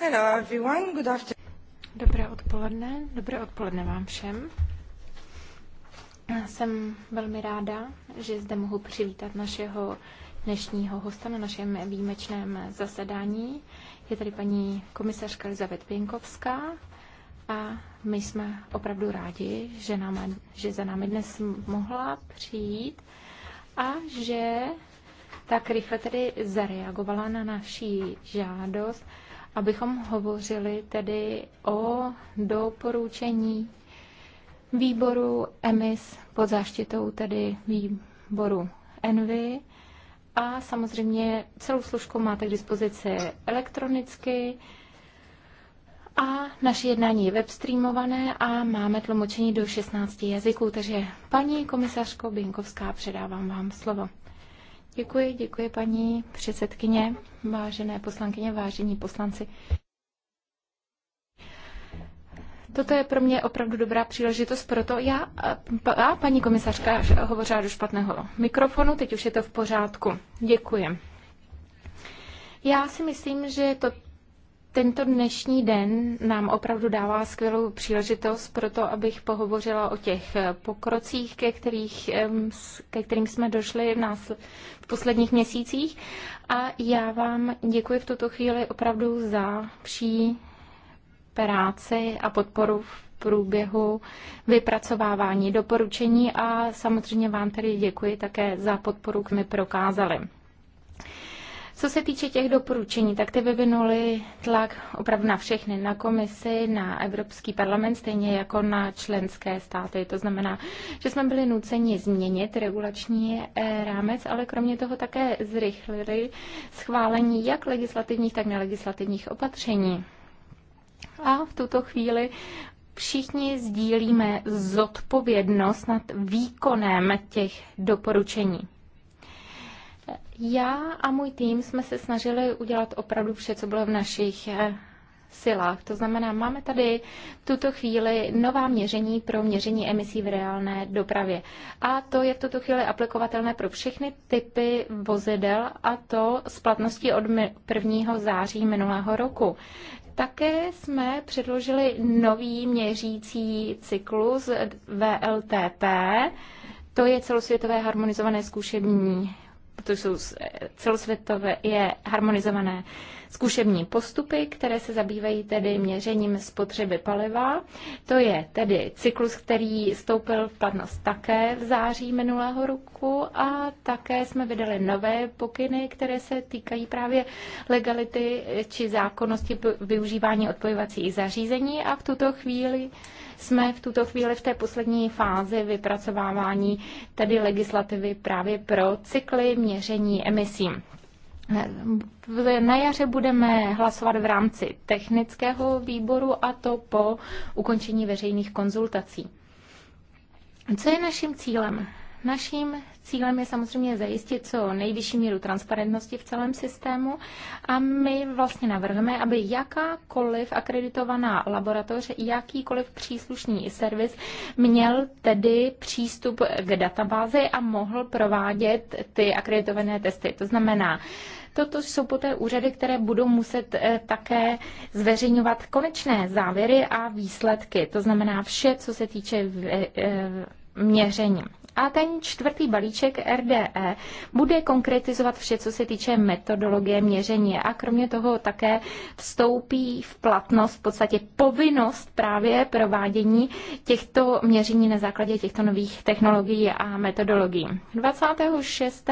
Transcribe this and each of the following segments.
Hello everyone, good afternoon. Dobré odpoledne, dobré odpoledne vám všem. Jsem velmi ráda, že zde mohu přivítat našeho dnešního hosta na našem výjimečném zasedání. Je tady paní komisařka Elizabeth Pěnkovská a my jsme opravdu rádi, že, nám, že za námi dnes mohla přijít a že tak rychle tedy zareagovala na naší žádost abychom hovořili tedy o doporučení výboru EMIS pod záštitou tedy výboru ENVY. A samozřejmě celou služku máte k dispozici elektronicky. A naše jednání je webstreamované a máme tlumočení do 16 jazyků, takže paní komisařko Binkovská, předávám vám slovo. Děkuji, děkuji paní předsedkyně, vážené poslankyně, vážení poslanci. Toto je pro mě opravdu dobrá příležitost, proto já a paní komisařka hovořila do špatného mikrofonu, teď už je to v pořádku. Děkuji. Já si myslím, že to, tento dnešní den nám opravdu dává skvělou příležitost pro to, abych pohovořila o těch pokrocích, ke, kterých, ke kterým jsme došli v, nás, v posledních měsících. A já vám děkuji v tuto chvíli opravdu za vší práci a podporu v průběhu vypracovávání doporučení a samozřejmě vám tedy děkuji také za podporu, kterou mi prokázali. Co se týče těch doporučení, tak ty vyvinuli tlak opravdu na všechny, na komisi, na Evropský parlament, stejně jako na členské státy. To znamená, že jsme byli nuceni změnit regulační eh, rámec, ale kromě toho také zrychlili schválení jak legislativních, tak nelegislativních opatření. A v tuto chvíli všichni sdílíme zodpovědnost nad výkonem těch doporučení. Já a můj tým jsme se snažili udělat opravdu vše, co bylo v našich eh, silách. To znamená, máme tady v tuto chvíli nová měření pro měření emisí v reálné dopravě. A to je v tuto chvíli aplikovatelné pro všechny typy vozidel a to s platností od 1. září minulého roku. Také jsme předložili nový měřící cyklus VLTP, to je celosvětové harmonizované zkušební to jsou celosvětové je harmonizované zkušební postupy, které se zabývají tedy měřením spotřeby paliva. To je tedy cyklus, který stoupil v platnost také v září minulého roku a také jsme vydali nové pokyny, které se týkají právě legality či zákonnosti využívání odpojovacích zařízení a v tuto chvíli jsme v tuto chvíli v té poslední fázi vypracovávání tedy legislativy právě pro cykly měření emisí. Na jaře budeme hlasovat v rámci technického výboru a to po ukončení veřejných konzultací. Co je naším cílem? Naším Cílem je samozřejmě zajistit co nejvyšší míru transparentnosti v celém systému a my vlastně navrhujeme, aby jakákoliv akreditovaná laboratoř, jakýkoliv příslušný servis měl tedy přístup k databázi a mohl provádět ty akreditované testy. To znamená, toto jsou poté úřady, které budou muset eh, také zveřejňovat konečné závěry a výsledky. To znamená vše, co se týče eh, měření. A ten čtvrtý balíček RDE bude konkretizovat vše, co se týče metodologie měření. A kromě toho také vstoupí v platnost v podstatě povinnost právě provádění těchto měření na základě těchto nových technologií a metodologií. 26.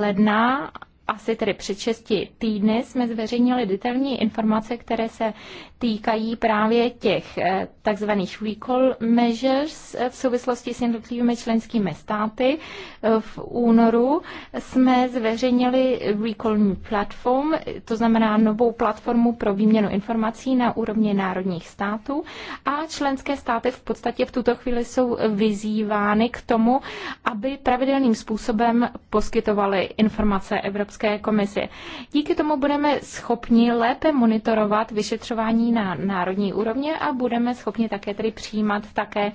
ledna asi tedy před 6 týdny jsme zveřejnili detailní informace, které se týkají právě těch eh, takzvaných recall measures eh, v souvislosti s jednotlivými členskými státy. Eh, v únoru jsme zveřejnili recall new platform, to znamená novou platformu pro výměnu informací na úrovni národních států a členské státy v podstatě v tuto chvíli jsou vyzývány k tomu, aby pravidelným způsobem poskytovaly informace Evropské Evropské komisi. Díky tomu budeme schopni lépe monitorovat vyšetřování na národní úrovně a budeme schopni také tedy přijímat také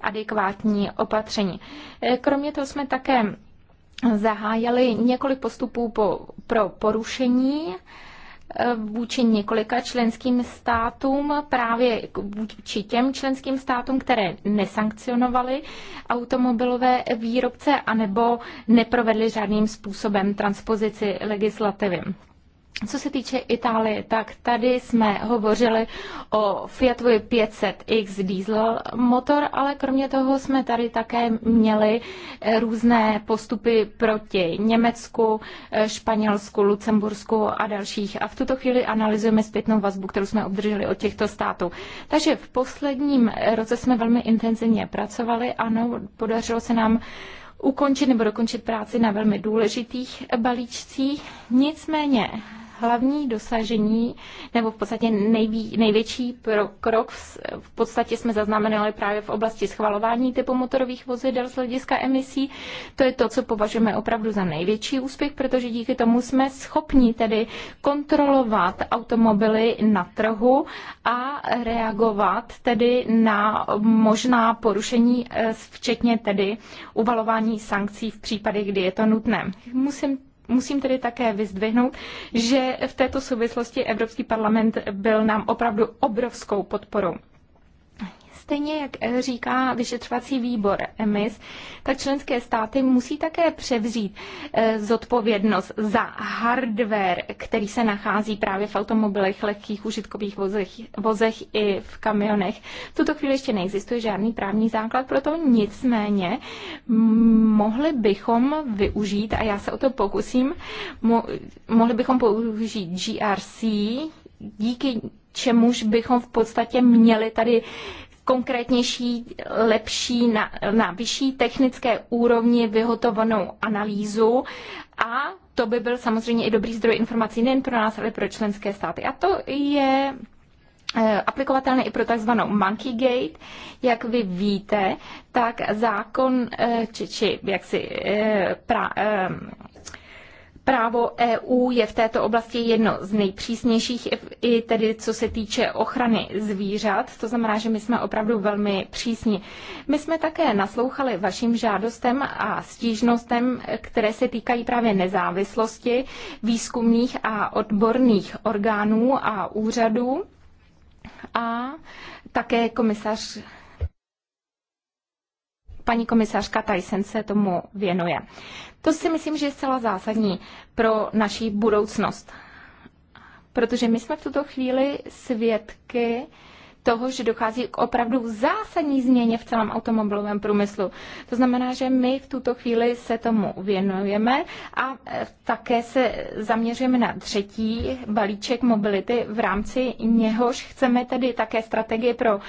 adekvátní opatření. Eh, kromě toho jsme také zahájili několik postupů po, pro porušení Eh, vůči několika členským státům, právě vůči těm členským státům, které nesankcionovaly automobilové výrobce anebo neprovedly žádným způsobem transpozici legislativy. Co se týče Itálie, tak tady jsme hovořili o Fiatu 500X diesel motor, ale kromě toho jsme tady také měli eh, různé postupy proti Německu, eh, Španělsku, Lucembursku a dalších. A v tuto chvíli analyzujeme zpětnou vazbu, kterou jsme obdrželi od těchto států. Takže v posledním roce jsme velmi intenzivně pracovali. Ano, podařilo se nám ukončit nebo dokončit práci na velmi důležitých balíčcích. Nicméně hlavní dosažení, nebo v podstatě nejví, největší pro krok v, v podstatě jsme zaznamenali právě v oblasti schvalování typu motorových vozidel z hlediska emisí. To je to, co považujeme opravdu za největší úspěch, protože díky tomu jsme schopni tedy kontrolovat automobily na trhu a reagovat tedy na možná porušení, eh, včetně tedy uvalování sankcí v případě, kdy je to nutné. Musím musím tedy také vyzdvihnout, že v této souvislosti Evropský parlament byl nám opravdu obrovskou podporou stejně jak eh, říká vyšetřovací výbor EMIS, tak členské státy musí také převzít eh, zodpovědnost za hardware, který se nachází právě v automobilech, lehkých užitkových vozech, vozech i v kamionech. V tuto chvíli ještě neexistuje žádný právní základ, proto nicméně mohli bychom využít, a já se o to pokusím, mo- mohli bychom použít GRC, díky čemuž bychom v podstatě měli tady konkrétnější, lepší, na, na vyšší technické úrovni vyhotovanou analýzu a to by byl samozřejmě i dobrý zdroj informací nejen pro nás, ale pro členské státy. A to je eh, aplikovatelné i pro takzvanou Monkey Gate. Jak vy víte, tak zákon, eh, či, či jak eh, pra, Právo EU je v této oblasti jedno z nejpřísnějších, i tedy co se týče ochrany zvířat. To znamená, že my jsme opravdu velmi přísní. My jsme také naslouchali vašim žádostem a stížnostem, které se týkají právě nezávislosti výzkumných a odborných orgánů a úřadů. A také komisař paní komisařka Tyson se tomu věnuje. To si myslím, že je zcela zásadní pro naší budoucnost, protože my jsme v tuto chvíli svědky toho, že dochází k opravdu zásadní změně v celém automobilovém průmyslu. To znamená, že my v tuto chvíli se tomu věnujeme a e, také se zaměřujeme na třetí balíček mobility, v rámci něhož chceme tedy také strategie pro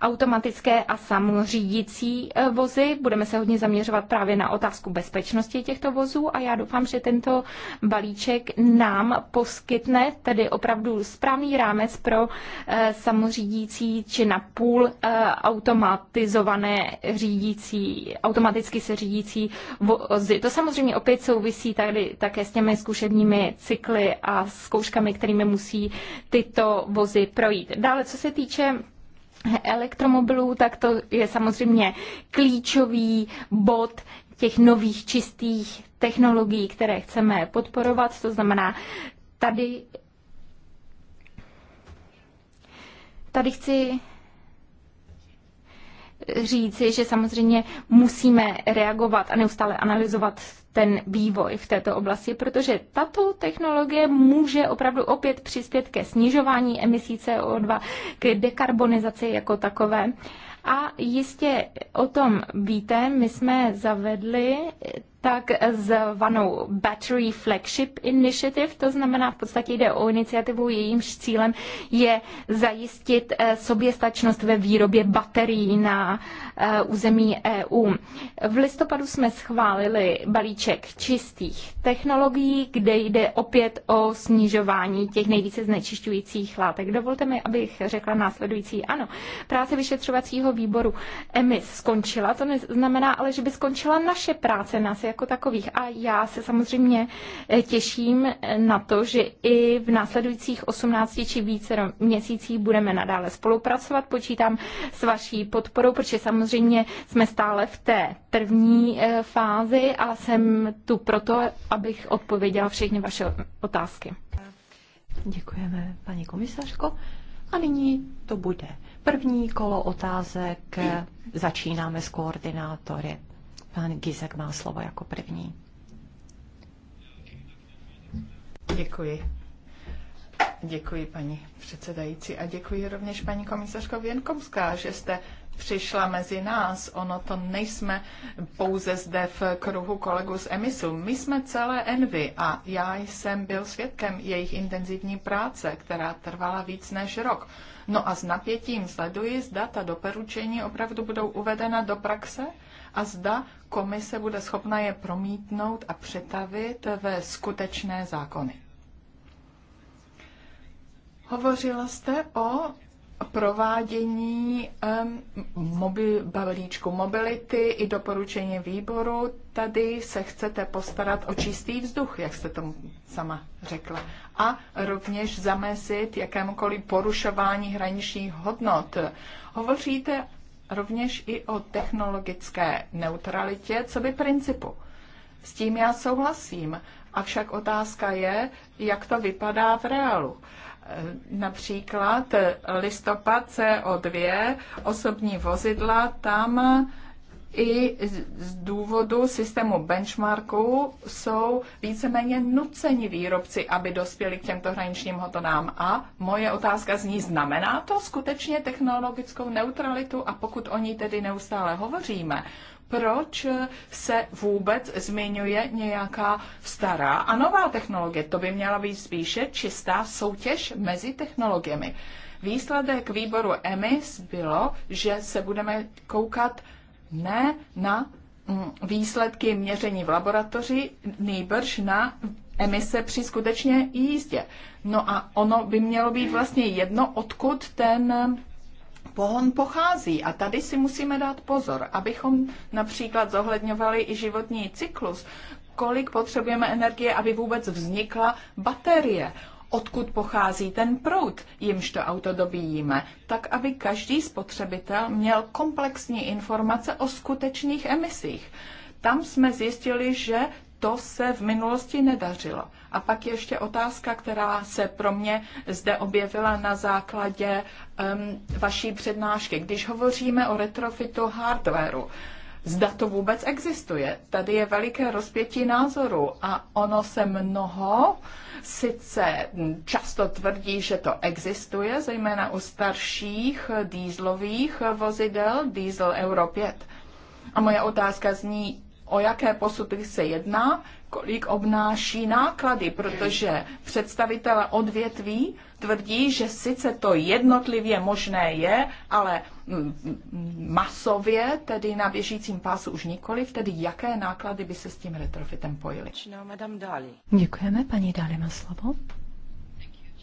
automatické a samořídící e, vozy. Budeme se hodně zaměřovat právě na otázku bezpečnosti těchto vozů a já doufám, že tento balíček nám poskytne tedy opravdu správný rámec pro e, samořídící řídící či na půl eh, automatizované řídící, automaticky se řídící vozy. To samozřejmě opět souvisí tady také s těmi zkušebními cykly a zkouškami, kterými musí tyto vozy projít. Dále, co se týče elektromobilů, tak to je samozřejmě klíčový bod těch nových čistých technologií, které chceme podporovat. To znamená, tady Tady chci říci, že samozřejmě musíme reagovat a neustále analyzovat ten vývoj v této oblasti, protože tato technologie může opravdu opět přispět ke snižování emisí CO2, k dekarbonizaci jako takové. A jistě o tom víte, my jsme zavedli tak zvanou Battery Flagship Initiative, to znamená v podstatě jde o iniciativu, jejímž cílem je zajistit eh, soběstačnost ve výrobě baterií na eh, území EU. V listopadu jsme schválili balíček čistých technologií, kde jde opět o snižování těch nejvíce znečišťujících látek. Dovolte mi, abych řekla následující. Ano, práce vyšetřovacího výboru EMIS skončila, to neznamená ale, že by skončila naše práce, nás je jako takových. A já se samozřejmě eh, těším eh, na to, že i v následujících 18 či více měsících budeme nadále spolupracovat. Počítám s vaší podporou, protože samozřejmě jsme stále v té první eh, fázi a jsem tu proto, abych odpověděla všechny vaše otázky. Děkujeme, paní komisařko. A nyní to bude první kolo otázek. Začínáme s koordinátory. Pan Gizek má slovo jako první. Děkuji. Děkuji, paní předsedající, a děkuji rovněž paní komisařko Věnkomská, že jste přišla mezi nás. Ono to nejsme pouze zde v kruhu kolegů z emisu. My jsme celé Envy a já jsem byl svědkem jejich intenzivní práce, která trvala víc než rok. No a s napětím sleduji, zda ta doporučení opravdu budou uvedena do praxe a zda komise bude schopna je promítnout a přetavit ve skutečné zákony. Hovořila jste o provádění mobil, balíčku mobility i doporučení výboru, tady se chcete postarat o čistý vzduch, jak jste tomu sama řekla. A rovněž zamezit jakémukoliv porušování hraničních hodnot. Hovoříte rovněž i o technologické neutralitě, co by principu. S tím já souhlasím, avšak otázka je, jak to vypadá v reálu. Například listopad CO2, osobní vozidla, tam i z důvodu systému benchmarku jsou víceméně nuceni výrobci, aby dospěli k těmto hraničním hodnotám. A moje otázka zní, znamená to skutečně technologickou neutralitu? A pokud o ní tedy neustále hovoříme, proč se vůbec zmiňuje nějaká stará a nová technologie. To by měla být spíše čistá soutěž mezi technologiemi. Výsledek výboru EMIS bylo, že se budeme koukat ne na mm, výsledky měření v laboratoři, nejbrž na emise při skutečně jízdě. No a ono by mělo být vlastně jedno, odkud ten pohon pochází. A tady si musíme dát pozor, abychom například zohledňovali i životní cyklus, kolik potřebujeme energie, aby vůbec vznikla baterie odkud pochází ten proud, jimž to auto dobíjíme, tak aby každý spotřebitel měl komplexní informace o skutečných emisích. Tam jsme zjistili, že to se v minulosti nedařilo. A pak ještě otázka, která se pro mě zde objevila na základě um, vaší přednášky. Když hovoříme o retrofitu hardwareu, zda to vůbec existuje. Tady je veliké rozpětí názoru a ono se mnoho sice často tvrdí, že to existuje, zejména u starších dýzlových vozidel, diesel Euro 5. A moje otázka zní, o jaké posudky se jedná, kolik obnáší náklady, protože představitele odvětví tvrdí, že sice to jednotlivě možné je, ale mm, mm, masově, tedy na běžícím pásu už nikoliv, tedy jaké náklady by se s tím retrofitem pojily. Děkujeme, paní Dali má slovo.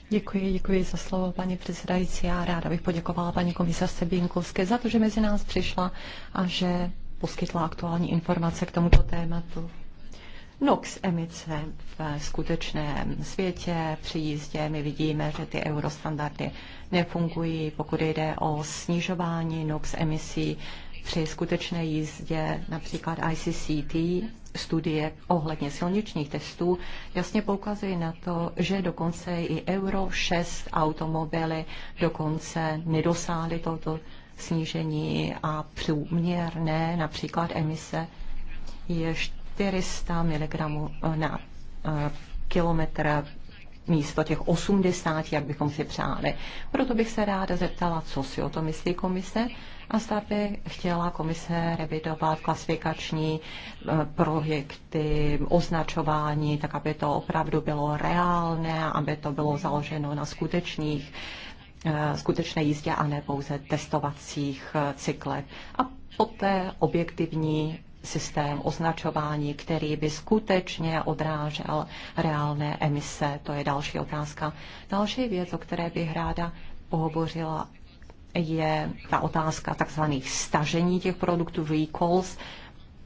Děkuji, děkuji za slovo, paní předsedající. Já ráda bych poděkovala paní komisařce Bínkovské za to, že mezi nás přišla a že poskytla aktuální informace k tomuto tématu. NOx emice v skutečném světě při jízdě. My vidíme, že ty eurostandardy nefungují, pokud jde o snižování NOx emisí při skutečné jízdě, například ICCT, studie ohledně silničních testů, jasně poukazují na to, že dokonce i Euro 6 automobily dokonce nedosáhly tohoto snížení a průměrné například emise je 400 mg eh, na eh, kilometr místo těch 80, jak bychom si přáli. Proto bych se ráda zeptala, co si o to myslí komise a zda by chtěla komise revidovat klasifikační eh, projekty, označování, tak aby to opravdu bylo reálné, aby to bylo založeno na skutečných uh, Eh, skutečné jízdě a ne pouze testovacích eh, cyklech. A poté objektivní systém označování, který by skutečně odrážel reálné emise. To je další otázka. Další věc, o které bych ráda pohovořila, je ta otázka takzvaných stažení těch produktů, recalls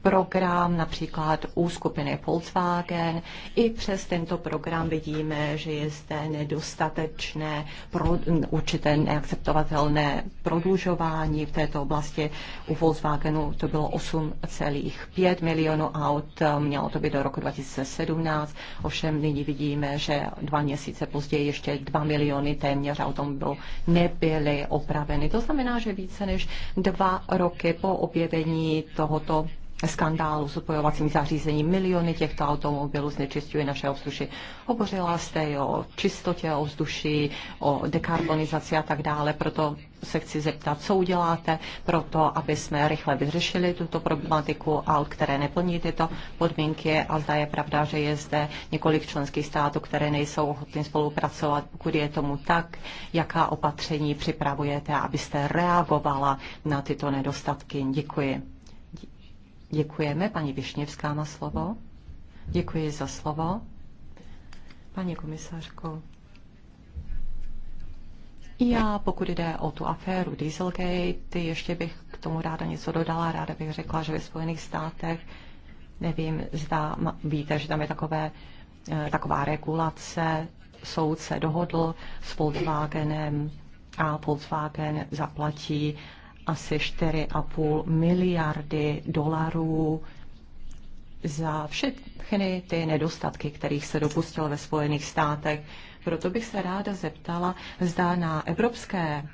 program, například u skupiny Volkswagen. I přes tento program vidíme, že je zde nedostatečné, pro, určité neakceptovatelné prodlužování v této oblasti. U Volkswagenu to bylo 8,5 milionů aut, mělo to být do roku 2017, ovšem nyní vidíme, že dva měsíce později ještě 2 miliony téměř automobilů nebyly opraveny. To znamená, že více než dva roky po objevení tohoto skandálu s upojovacím zařízením. Miliony těchto automobilů znečistují naše ovzduši. Hovořila jste o čistotě ovzduší, o dekarbonizaci a tak dále, proto se chci zeptat, co uděláte pro to, aby jsme rychle vyřešili tuto problematiku aut, které neplní tyto podmínky a zda je pravda, že je zde několik členských států, které nejsou ochotny spolupracovat. Pokud je tomu tak, jaká opatření připravujete, abyste reagovala na tyto nedostatky? Děkuji. Děkujeme. Paní Višněvská má slovo. Děkuji za slovo. Paní komisařko, já, pokud jde o tu aféru Dieselgate, ještě bych k tomu ráda něco dodala. Ráda bych řekla, že ve Spojených státech, nevím, zda víte, že tam je takové, eh, taková regulace, soud se dohodl s Volkswagenem a Volkswagen zaplatí asi 4,5 miliardy dolarů za všechny ty nedostatky, kterých se dopustil ve Spojených státech. Proto bych se ráda zeptala, zda na evropské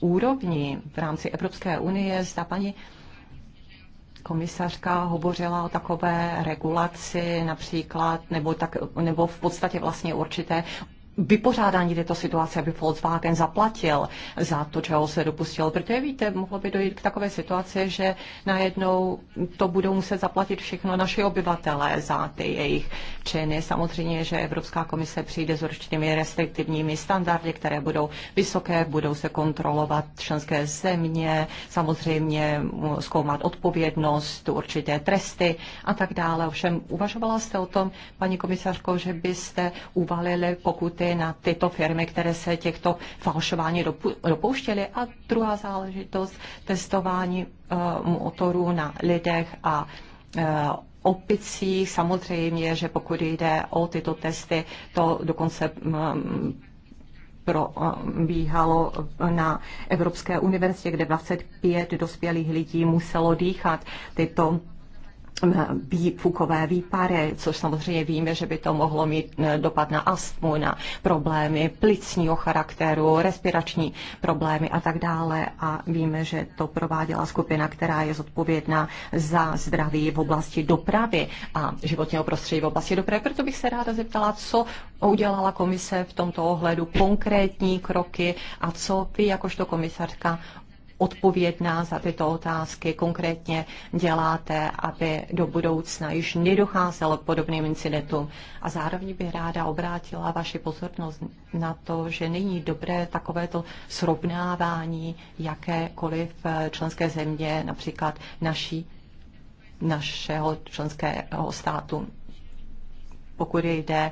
úrovni v rámci Evropské unie, zda paní komisařka hovořila o takové regulaci například, nebo, tak, nebo v podstatě vlastně určité vypořádání této situace, aby Volkswagen zaplatil za to, čeho se dopustil. Protože víte, mohlo by dojít k takové situaci, že najednou to budou muset zaplatit všechno naši obyvatelé za ty jejich činy. Samozřejmě, že Evropská komise přijde s určitými restriktivními standardy, které budou vysoké, budou se kontrolovat členské země, samozřejmě zkoumat odpovědnost, určité tresty a tak dále. Ovšem, uvažovala jste o tom, paní komisařko, že byste uvalili pokuty na tyto firmy, které se těchto falšování dopouštěly. A druhá záležitost, testování eh, motorů na lidech a eh, opicích. Samozřejmě, že pokud jde o tyto testy, to dokonce mm, probíhalo eh, na Evropské univerzitě, kde 25 dospělých lidí muselo dýchat tyto fukové výpary, což samozřejmě víme, že by to mohlo mít e, dopad na astmu, na problémy plicního charakteru, respirační problémy a tak dále. A víme, že to prováděla skupina, která je zodpovědná za zdraví v oblasti dopravy a životního prostředí v oblasti dopravy. Proto bych se ráda zeptala, co udělala komise v tomto ohledu konkrétní kroky a co vy jakožto komisařka odpovědná za tyto otázky konkrétně děláte, aby do budoucna již nedocházelo k podobným incidentům. A zároveň bych ráda obrátila vaši pozornost na to, že není dobré takovéto srovnávání jakékoliv eh, členské země, například naší, našeho členského státu pokud jde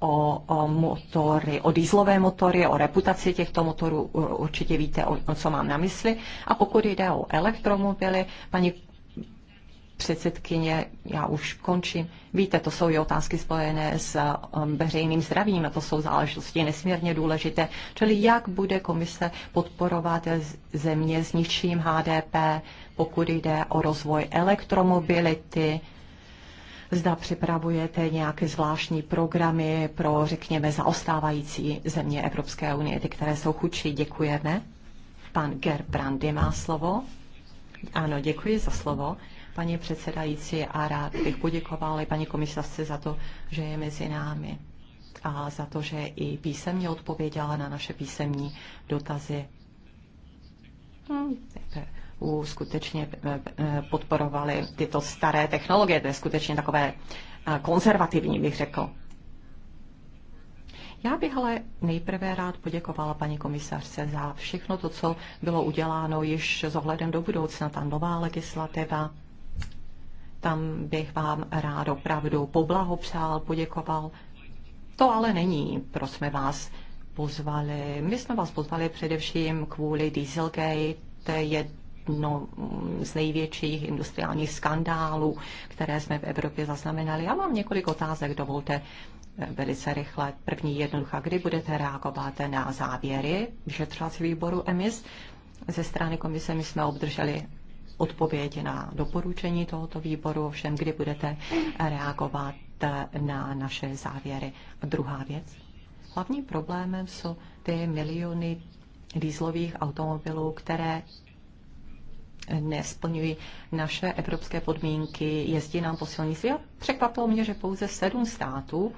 o, o motory, o dýzlové motory, o reputaci těchto motorů určitě víte, o, o co mám na mysli. A pokud jde o elektromobily, paní předsedkyně, já už končím. Víte, to jsou i otázky spojené s um, veřejným zdravím a to jsou záležitosti nesmírně důležité. Čili jak bude komise podporovat země s nižším HDP, pokud jde o rozvoj elektromobility, Zda připravujete nějaké zvláštní programy pro, řekněme, zaostávající země Evropské unie, ty, které jsou chudší. Děkujeme. Pan Gerbrandy má slovo. Ano, děkuji za slovo paní předsedající a rád bych poděkoval i paní komisařce za to, že je mezi námi a za to, že i písemně odpověděla na naše písemní dotazy. Hmm, u skutečně eh, eh, podporovali tyto staré technologie. To je skutečně takové eh, konzervativní, bych řekl. Já bych ale nejprve rád poděkovala paní komisařce za všechno to, co bylo uděláno již s ohledem do budoucna, ta nová legislativa. Tam bych vám rád opravdu poblahopřál, poděkoval. To ale není, proč jsme vás pozvali. My jsme vás pozvali především kvůli Dieselgate, je jedno z největších industriálních skandálů, které jsme v Evropě zaznamenali. Já mám několik otázek, dovolte eh, velice rychle. První jednoduchá, kdy budete reagovat na závěry vyšetřovací výboru EMIS? Ze strany komise my jsme obdrželi odpověď na doporučení tohoto výboru, ovšem kdy budete reagovat eh, na naše závěry. A druhá věc. Hlavním problémem jsou ty miliony dýzlových automobilů, které nesplňují naše evropské podmínky, jezdí nám po silnici. A překvapilo mě, že pouze sedm států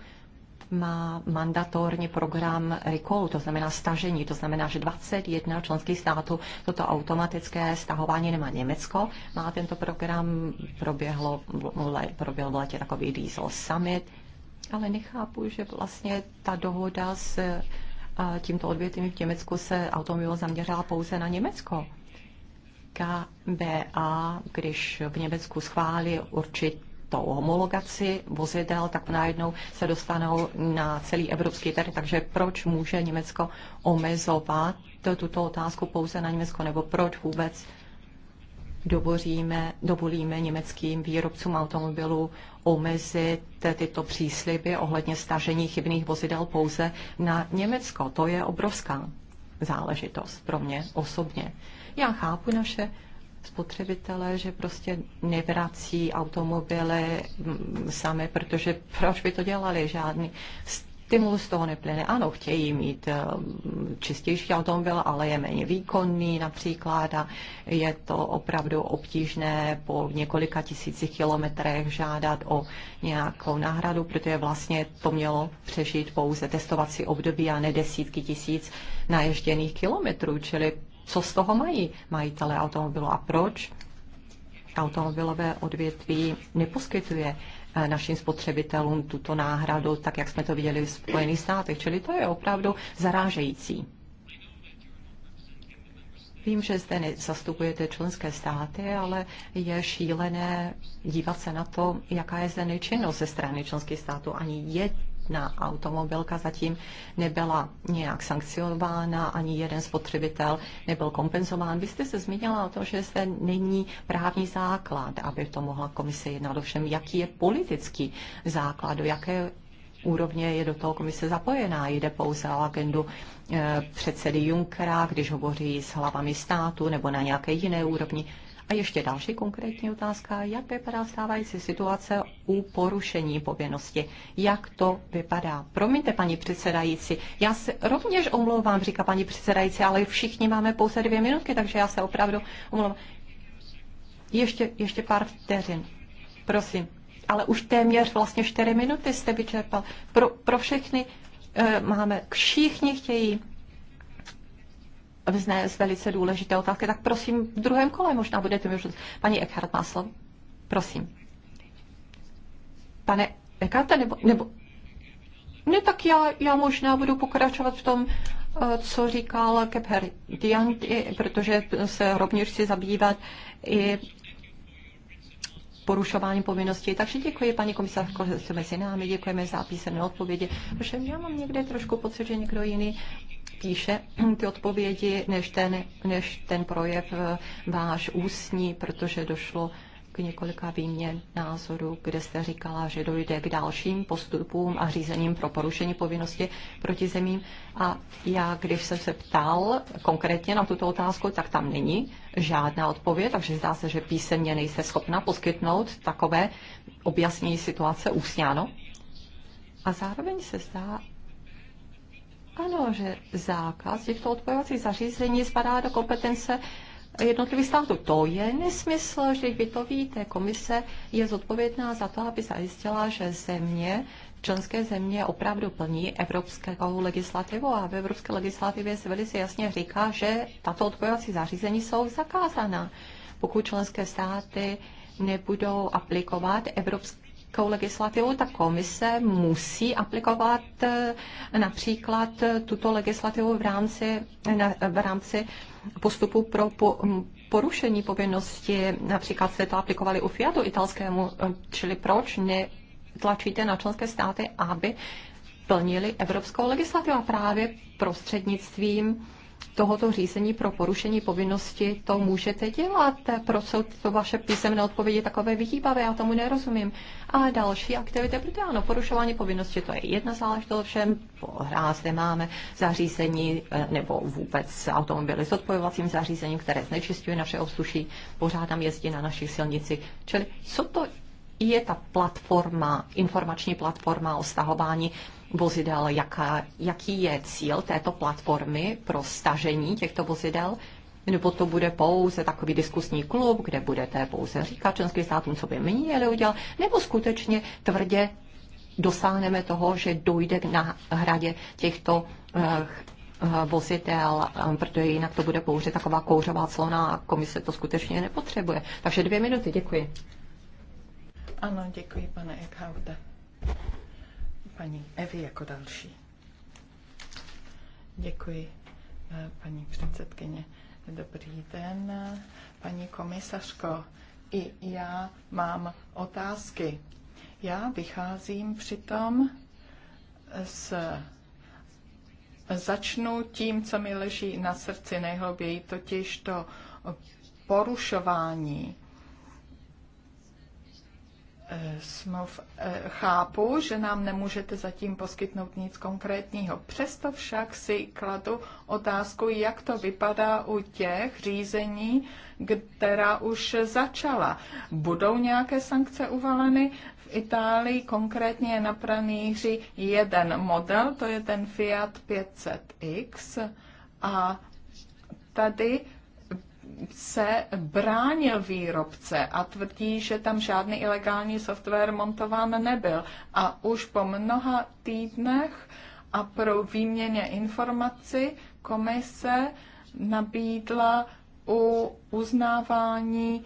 má mandatorní program recall, to znamená stažení, to znamená, že 21 členských států toto automatické stahování nemá. Německo má tento program, proběhlo, proběhl v letě takový diesel summit, ale nechápu, že vlastně ta dohoda s tímto odvětvím v Německu se automobil zaměřila pouze na Německo. KBA, když v Německu schválí to homologaci vozidel, tak najednou se dostanou na celý evropský trh. Takže proč může Německo omezovat tuto otázku pouze na Německo, nebo proč vůbec dovolíme, dovolíme německým výrobcům automobilů omezit tyto přísliby ohledně stažení chybných vozidel pouze na Německo. To je obrovská záležitost pro mě osobně. Já chápu naše spotřebitele, že prostě nevrací automobily mm, samé, protože proč by to dělali? Žádný stimul z toho neplyne. Ano, chtějí mít eh, čistější automobil, ale je méně výkonný například a je to opravdu obtížné po několika tisících kilometrech žádat o nějakou náhradu, protože vlastně to mělo přežít pouze testovací období a ne desítky tisíc naježděných kilometrů, čili co z toho mají majitelé automobilu a proč automobilové odvětví neposkytuje eh, našim spotřebitelům tuto náhradu, tak jak jsme to viděli v Spojených státech. Čili to je opravdu zarážející. Vím, že zde nezastupujete členské státy, ale je šílené dívat se na to, jaká je zde nečinnost ze strany členských států. Ani jed, na automobilka zatím nebyla nějak sankcionována, ani jeden spotřebitel nebyl kompenzován. Vy jste se zmínila o tom, že zde není právní základ, aby to mohla komise jednat. Ovšem, jaký je politický základ, do jaké úrovně je do toho komise zapojená. Jde pouze o agendu eh, předsedy Junckera, když hovoří s hlavami státu nebo na nějaké jiné úrovni. A ještě další konkrétní otázka, jak vypadá stávající situace u porušení povinnosti? Jak to vypadá? Promiňte, paní předsedající, já se rovněž omlouvám, říká paní předsedající, ale všichni máme pouze dvě minutky, takže já se opravdu omlouvám. Ještě, ještě pár vteřin, prosím. Ale už téměř vlastně čtyři minuty jste vyčerpal. Pro, pro všechny e, máme, všichni chtějí vznést velice důležité otázky, tak prosím, v druhém kole možná budete mít Paní Eckhart má slovo. Prosím. Pane Eckhart, nebo, nebo... Ne, tak já, já možná budu pokračovat v tom, eh, co říkal Kepher protože se rovněž chci zabývat i porušování povinností. Takže děkuji, paní komisařko, že jste mezi námi, děkujeme za písemné odpovědi. Protože já mám někde trošku pocit, že někdo jiný píše ty odpovědi, než ten, než ten projev eh, váš ústní, protože došlo k několika výměn názorů, kde jste říkala, že dojde k dalším postupům a řízením pro porušení povinnosti proti zemím. A já, když jsem se ptal konkrétně na tuto otázku, tak tam není žádná odpověď, takže zdá se, že písemně nejste schopna poskytnout takové objasnění situace ústňáno. ano? A zároveň se zdá, ano, že zákaz těchto odpojovacích zařízení spadá do kompetence jednotlivých států. To je nesmysl, že vy to víte. Komise je zodpovědná za to, aby zajistila, že země, členské země opravdu plní evropskou legislativu a v evropské legislativě se velice jasně říká, že tato odpojovací zařízení jsou zakázaná. Pokud členské státy nebudou aplikovat evropské evropskou legislativu, tak komise musí aplikovat eh, například eh, tuto legislativu v rámci, v rámci postupu pro porušení povinnosti. Například jste to aplikovali u Fiatu italskému, eh, čili proč netlačíte na členské státy, aby plnili evropskou legislativu a právě prostřednictvím tohoto řízení pro porušení povinnosti to můžete dělat? Proč jsou to vaše písemné odpovědi takové vyhýbavé? Já tomu nerozumím. A další aktivity, protože ano, porušování povinnosti to je jedna záležitost, všem hráz zde máme zařízení eh, nebo vůbec automobily s odpojovacím zařízením, které znečistuje naše ovzduší, tam jezdí na našich silnicích. Čili co to je ta platforma, informační platforma o stahování vozidel, jaká, jaký je cíl této platformy pro stažení těchto vozidel, nebo to bude pouze takový diskusní klub, kde budete pouze říkat členským státům, co by měli udělat, nebo skutečně tvrdě dosáhneme toho, že dojde k náhradě těchto eh, eh, vozidel, eh, protože jinak to bude pouze taková kouřová clona a komise to skutečně nepotřebuje. Takže dvě minuty, děkuji. Ano, děkuji, pane Eckhouta paní Evi jako další. Děkuji, eh, paní předsedkyně. Dobrý den, eh, paní komisařko. I já mám otázky. Já vycházím přitom s Začnu tím, co mi leží na srdci nejhlouběji, totiž to porušování Eh, smluv eh, chápu, že nám nemůžete zatím poskytnout nic konkrétního. Přesto však si kladu otázku, jak to vypadá u těch řízení, která už začala. Budou nějaké sankce uvaleny? V Itálii konkrétně je na pranýři jeden model, to je ten Fiat 500X a tady se bránil výrobce a tvrdí, že tam žádný ilegální software montován nebyl. A už po mnoha týdnech a pro výměně informací komise nabídla u uznávání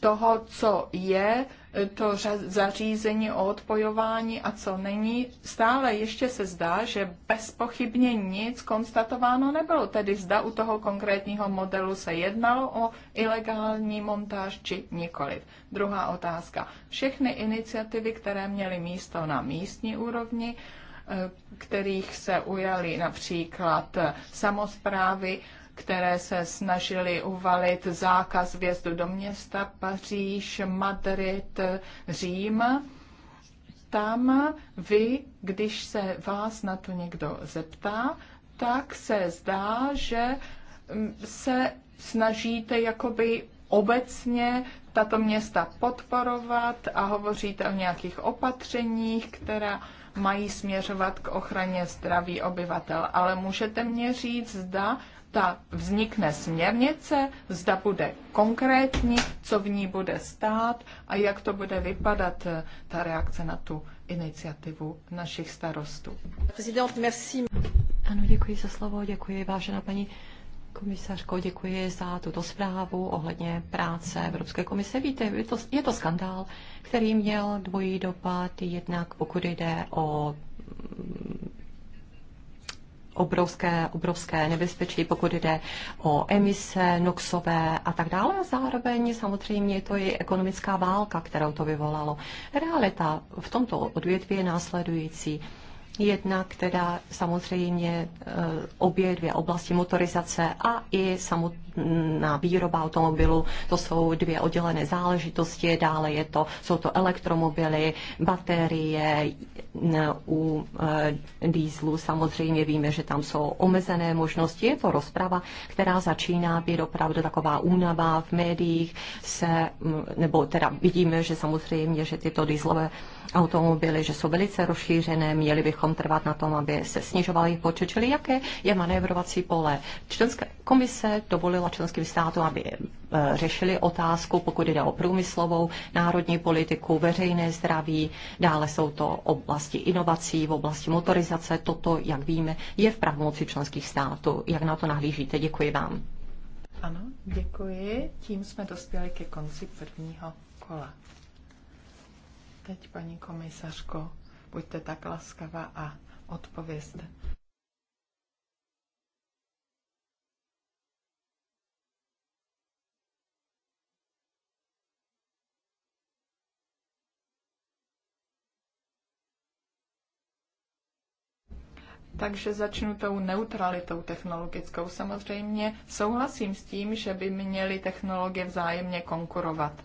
toho, co je to zařízení o odpojování a co není. Stále ještě se zdá, že bezpochybně nic konstatováno nebylo, tedy zda u toho konkrétního modelu se jednalo o ilegální montáž či nikoliv. Druhá otázka. Všechny iniciativy, které měly místo na místní úrovni, eh, kterých se ujali například eh, samozprávy, které se snažily uvalit zákaz vjezdu do města Paříž, Madrid, Řím. Tam vy, když se vás na to někdo zeptá, tak se zdá, že mm, se snažíte jakoby obecně tato města podporovat a hovoříte o nějakých opatřeních, která mají směřovat k ochraně zdraví obyvatel. Ale můžete mě říct, zda ta vznikne směrnice, zda bude konkrétní, co v ní bude stát a jak to bude vypadat eh, ta reakce na tu iniciativu našich starostů. Prezident, merci. Ano, děkuji za slovo, děkuji vážená paní komisařko, děkuji za tuto zprávu ohledně práce Evropské komise. Víte, je to, je to skandál, který měl dvojí dopad, jednak pokud jde o obrovské, obrovské nebezpečí, pokud jde o emise, noxové a tak dále. A zároveň samozřejmě to je ekonomická válka, kterou to vyvolalo. Realita v tomto odvětví je následující. Jedna, která samozřejmě e, obě dvě oblasti motorizace a i samotná výroba automobilu, to jsou dvě oddělené záležitosti, dále je to, jsou to elektromobily, baterie, u e, dýzlu samozřejmě víme, že tam jsou omezené možnosti, je to rozprava, která začíná být opravdu taková únava v médiích se, nebo teda vidíme, že samozřejmě, že tyto dýzlové automobily, že jsou velice rozšířené, měli bychom trvat na tom, aby se snižoval jejich počet, čili jaké je manévrovací pole. Členská komise dovolila členským státům, aby eh, řešili otázku, pokud jde o průmyslovou, národní politiku, veřejné zdraví, dále jsou to oblasti inovací, v oblasti motorizace, toto, jak víme, je v pravomoci členských států. Jak na to nahlížíte? Děkuji vám. Ano, děkuji. Tím jsme dospěli ke konci prvního kola teď, paní komisařko, buďte tak laskava a odpovězte. Takže začnu tou neutralitou technologickou. Samozřejmě souhlasím s tím, že by měly technologie vzájemně konkurovat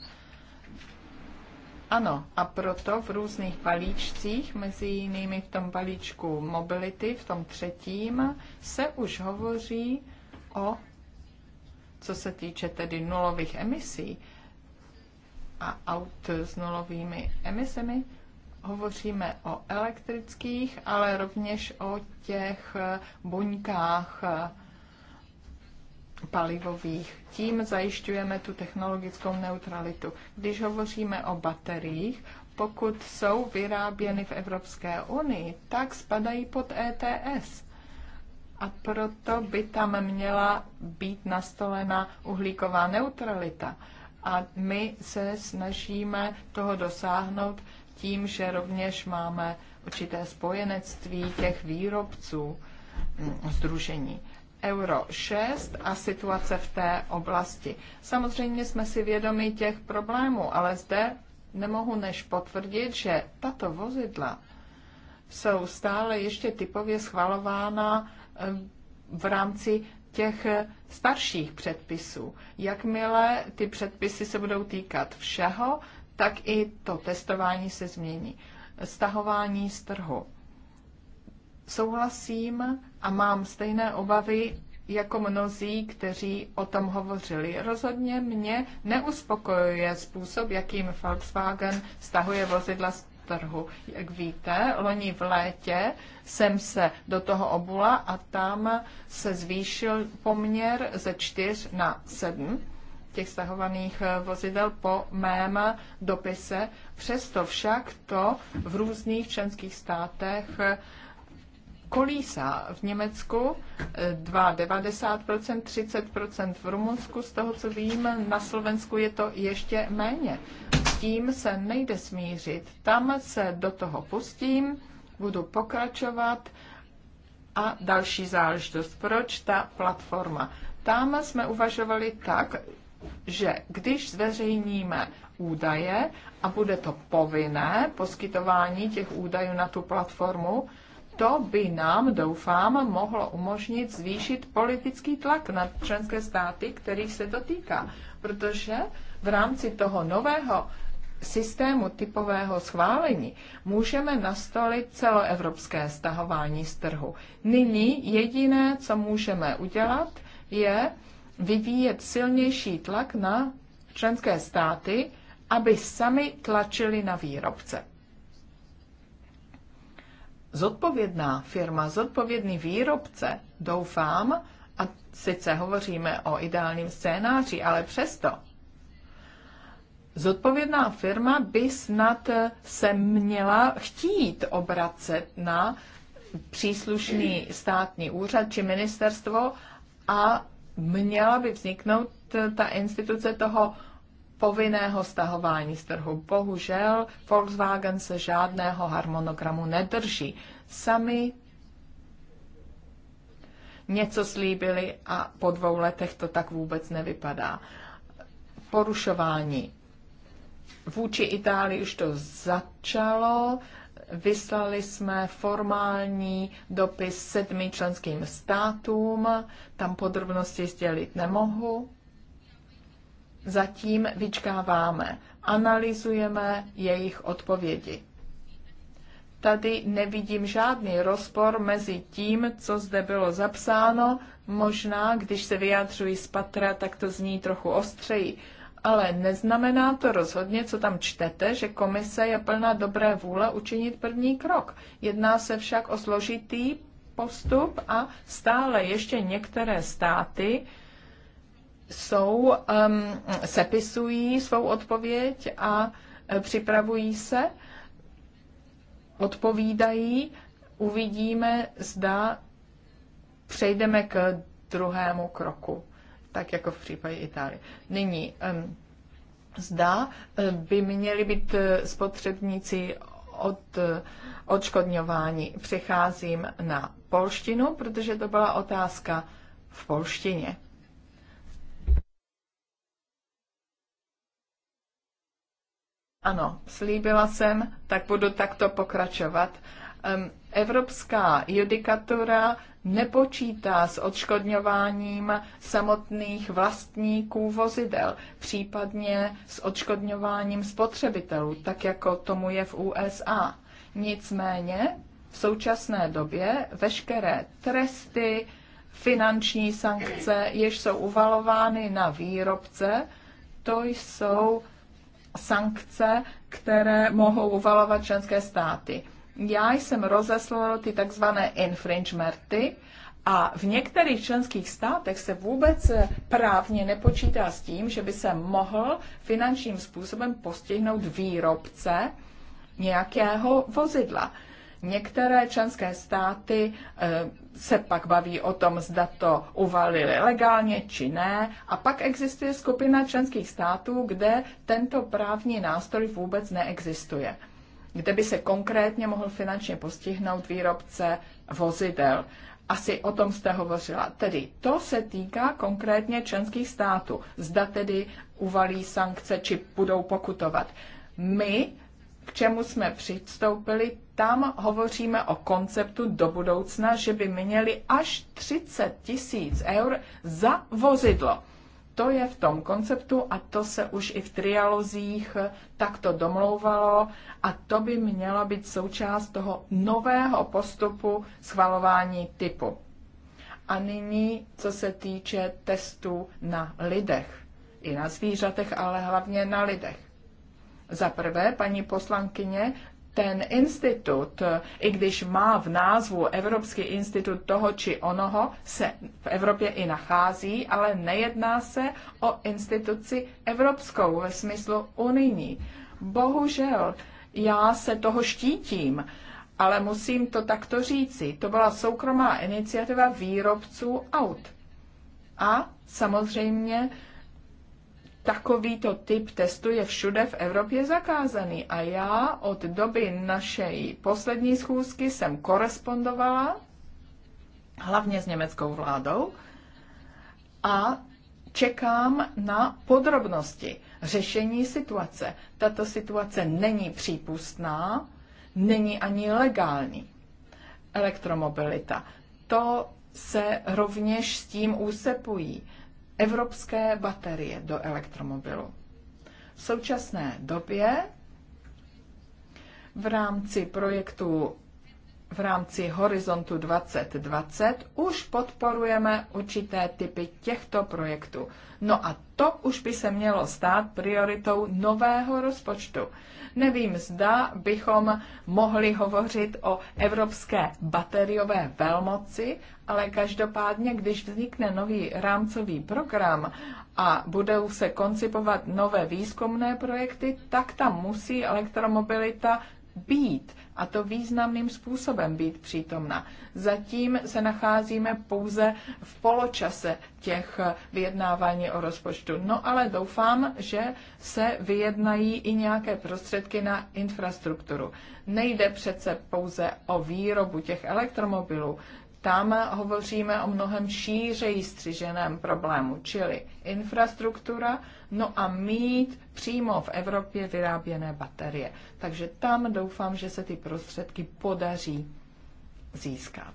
ano, a proto v různých balíčcích, mezi jinými v tom balíčku mobility, v tom třetím, se už hovoří o, co se týče tedy nulových emisí a aut s nulovými emisemi, hovoříme o elektrických, ale rovněž o těch buňkách palivových. Tím zajišťujeme tu technologickou neutralitu. Když hovoříme o bateriích, pokud jsou vyráběny v Evropské unii, tak spadají pod ETS. A proto by tam měla být nastolena uhlíková neutralita. A my se snažíme toho dosáhnout tím, že rovněž máme určité spojenectví těch výrobců mm, združení. Euro 6 a situace v té oblasti. Samozřejmě jsme si vědomi těch problémů, ale zde nemohu než potvrdit, že tato vozidla jsou stále ještě typově schvalována eh, v rámci těch eh, starších předpisů. Jakmile ty předpisy se budou týkat všeho, tak i to testování se změní. Stahování z trhu souhlasím a mám stejné obavy jako mnozí, kteří o tom hovořili. Rozhodně mě neuspokojuje způsob, jakým Volkswagen stahuje vozidla z trhu. Jak víte, loni v létě jsem se do toho obula a tam se zvýšil poměr ze 4 na 7 těch stahovaných eh, vozidel po mém dopise. Přesto však to v různých členských státech kolísá v Německu, 2,90%, eh, 30% v Rumunsku, z toho, co vím, na Slovensku je to ještě méně. S tím se nejde smířit. Tam se do toho pustím, budu pokračovat a další záležitost. Proč ta platforma? Tam jsme uvažovali tak, že když zveřejníme údaje a bude to povinné poskytování těch údajů na tu platformu, to by nám, doufám, mohlo umožnit zvýšit politický tlak na členské státy, kterých se to týká. Protože v rámci toho nového systému typového schválení můžeme nastolit celoevropské stahování z trhu. Nyní jediné, co můžeme udělat, je vyvíjet silnější tlak na členské státy, aby sami tlačili na výrobce zodpovědná firma, zodpovědný výrobce, doufám, a sice hovoříme o ideálním scénáři, ale přesto, zodpovědná firma by snad se měla chtít obracet na příslušný státní úřad či ministerstvo a měla by vzniknout ta instituce toho povinného stahování z trhu. Bohužel Volkswagen se žádného harmonogramu nedrží. Sami něco slíbili a po dvou letech to tak vůbec nevypadá. Porušování. Vůči Itálii už to začalo. Vyslali jsme formální dopis sedmi členským státům. Tam podrobnosti sdělit nemohu zatím vyčkáváme, analyzujeme jejich odpovědi. Tady nevidím žádný rozpor mezi tím, co zde bylo zapsáno, možná, když se vyjádřují z patra, tak to zní trochu ostřeji, ale neznamená to rozhodně, co tam čtete, že komise je plná dobré vůle učinit první krok. Jedná se však o složitý postup a stále ještě některé státy jsou, um, sepisují svou odpověď a eh, připravují se, odpovídají. Uvidíme, zda přejdeme k druhému kroku, tak jako v případě Itálie. Nyní, um, zda eh, by měli být eh, spotřebníci od odškodňování. Přecházím na polštinu, protože to byla otázka v polštině. Ano, slíbila jsem, tak budu takto pokračovat. Evropská judikatura nepočítá s odškodňováním samotných vlastníků vozidel, případně s odškodňováním spotřebitelů, tak jako tomu je v USA. Nicméně v současné době veškeré tresty, finanční sankce, jež jsou uvalovány na výrobce, to jsou sankce, které mohou uvalovat členské státy. Já jsem rozeslal ty takzvané infringementy a v některých členských státech se vůbec právně nepočítá s tím, že by se mohl finančním způsobem postihnout výrobce nějakého vozidla. Některé členské státy eh, se pak baví o tom, zda to uvalili legálně či ne. A pak existuje skupina členských států, kde tento právní nástroj vůbec neexistuje kde by se konkrétně mohl finančně postihnout výrobce vozidel. Asi o tom jste hovořila. Tedy to se týká konkrétně členských států. Zda tedy uvalí sankce či budou pokutovat. My k čemu jsme přistoupili, tam hovoříme o konceptu do budoucna, že by měli až 30 tisíc eur za vozidlo. To je v tom konceptu a to se už i v trialozích takto domlouvalo a to by mělo být součást toho nového postupu schvalování typu. A nyní, co se týče testů na lidech, i na zvířatech, ale hlavně na lidech za prvé, paní poslankyně, ten institut, i když má v názvu Evropský institut toho či onoho, se v Evropě i nachází, ale nejedná se o instituci evropskou ve smyslu unijní. Bohužel, já se toho štítím, ale musím to takto říci. To byla soukromá iniciativa výrobců aut. A samozřejmě takovýto typ testu je všude v Evropě zakázaný. A já od doby našej poslední schůzky jsem korespondovala hlavně s německou vládou a čekám na podrobnosti řešení situace. Tato situace není přípustná, není ani legální. Elektromobilita. To se rovněž s tím úsepují evropské baterie do elektromobilu. V současné době v rámci projektu v rámci Horizontu 2020 už podporujeme určité typy těchto projektů. No a to už by se mělo stát prioritou nového rozpočtu. Nevím, zda bychom mohli hovořit o evropské bateriové velmoci, ale každopádně, když vznikne nový rámcový program a budou se koncipovat nové výzkumné projekty, tak tam musí elektromobilita být a to významným způsobem být přítomna. Zatím se nacházíme pouze v poločase těch vyjednávání o rozpočtu. No ale doufám, že se vyjednají i nějaké prostředky na infrastrukturu. Nejde přece pouze o výrobu těch elektromobilů. Tam hovoříme o mnohem šířeji střiženém problému, čili infrastruktura, no a mít přímo v Evropě vyráběné baterie. Takže tam doufám, že se ty prostředky podaří získat.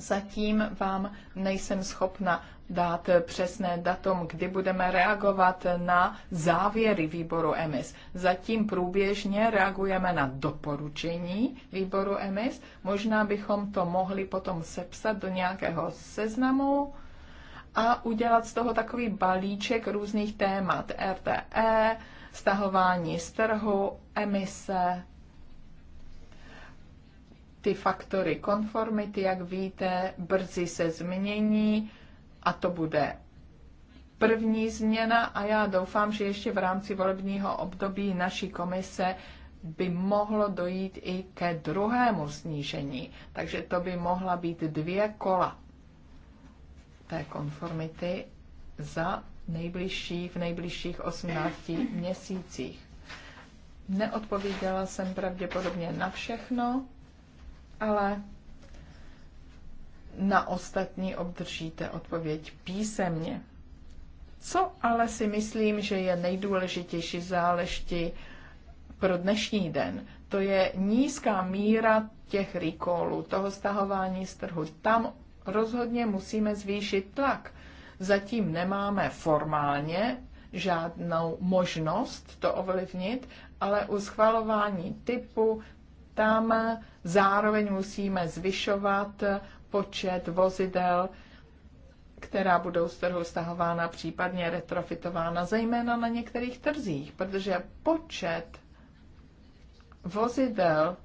zatím vám nejsem schopna dát přesné datum, kdy budeme reagovat na závěry výboru EMIS. Zatím průběžně reagujeme na doporučení výboru EMIS. Možná bychom to mohli potom sepsat do nějakého seznamu a udělat z toho takový balíček různých témat. RTE, stahování z trhu, emise, ty faktory konformity, jak víte, brzy se změní a to bude první změna a já doufám, že ještě v rámci volebního období naší komise by mohlo dojít i ke druhému snížení. Takže to by mohla být dvě kola té konformity za nejbližší, v nejbližších 18 měsících. Neodpovídala jsem pravděpodobně na všechno ale na ostatní obdržíte odpověď písemně. Co ale si myslím, že je nejdůležitější záležitý pro dnešní den, to je nízká míra těch rikolů, toho stahování z trhu. Tam rozhodně musíme zvýšit tlak. Zatím nemáme formálně žádnou možnost to ovlivnit, ale u schvalování typu tam zároveň musíme zvyšovat počet vozidel, která budou z trhu stahována, případně retrofitována, zejména na některých trzích, protože počet vozidel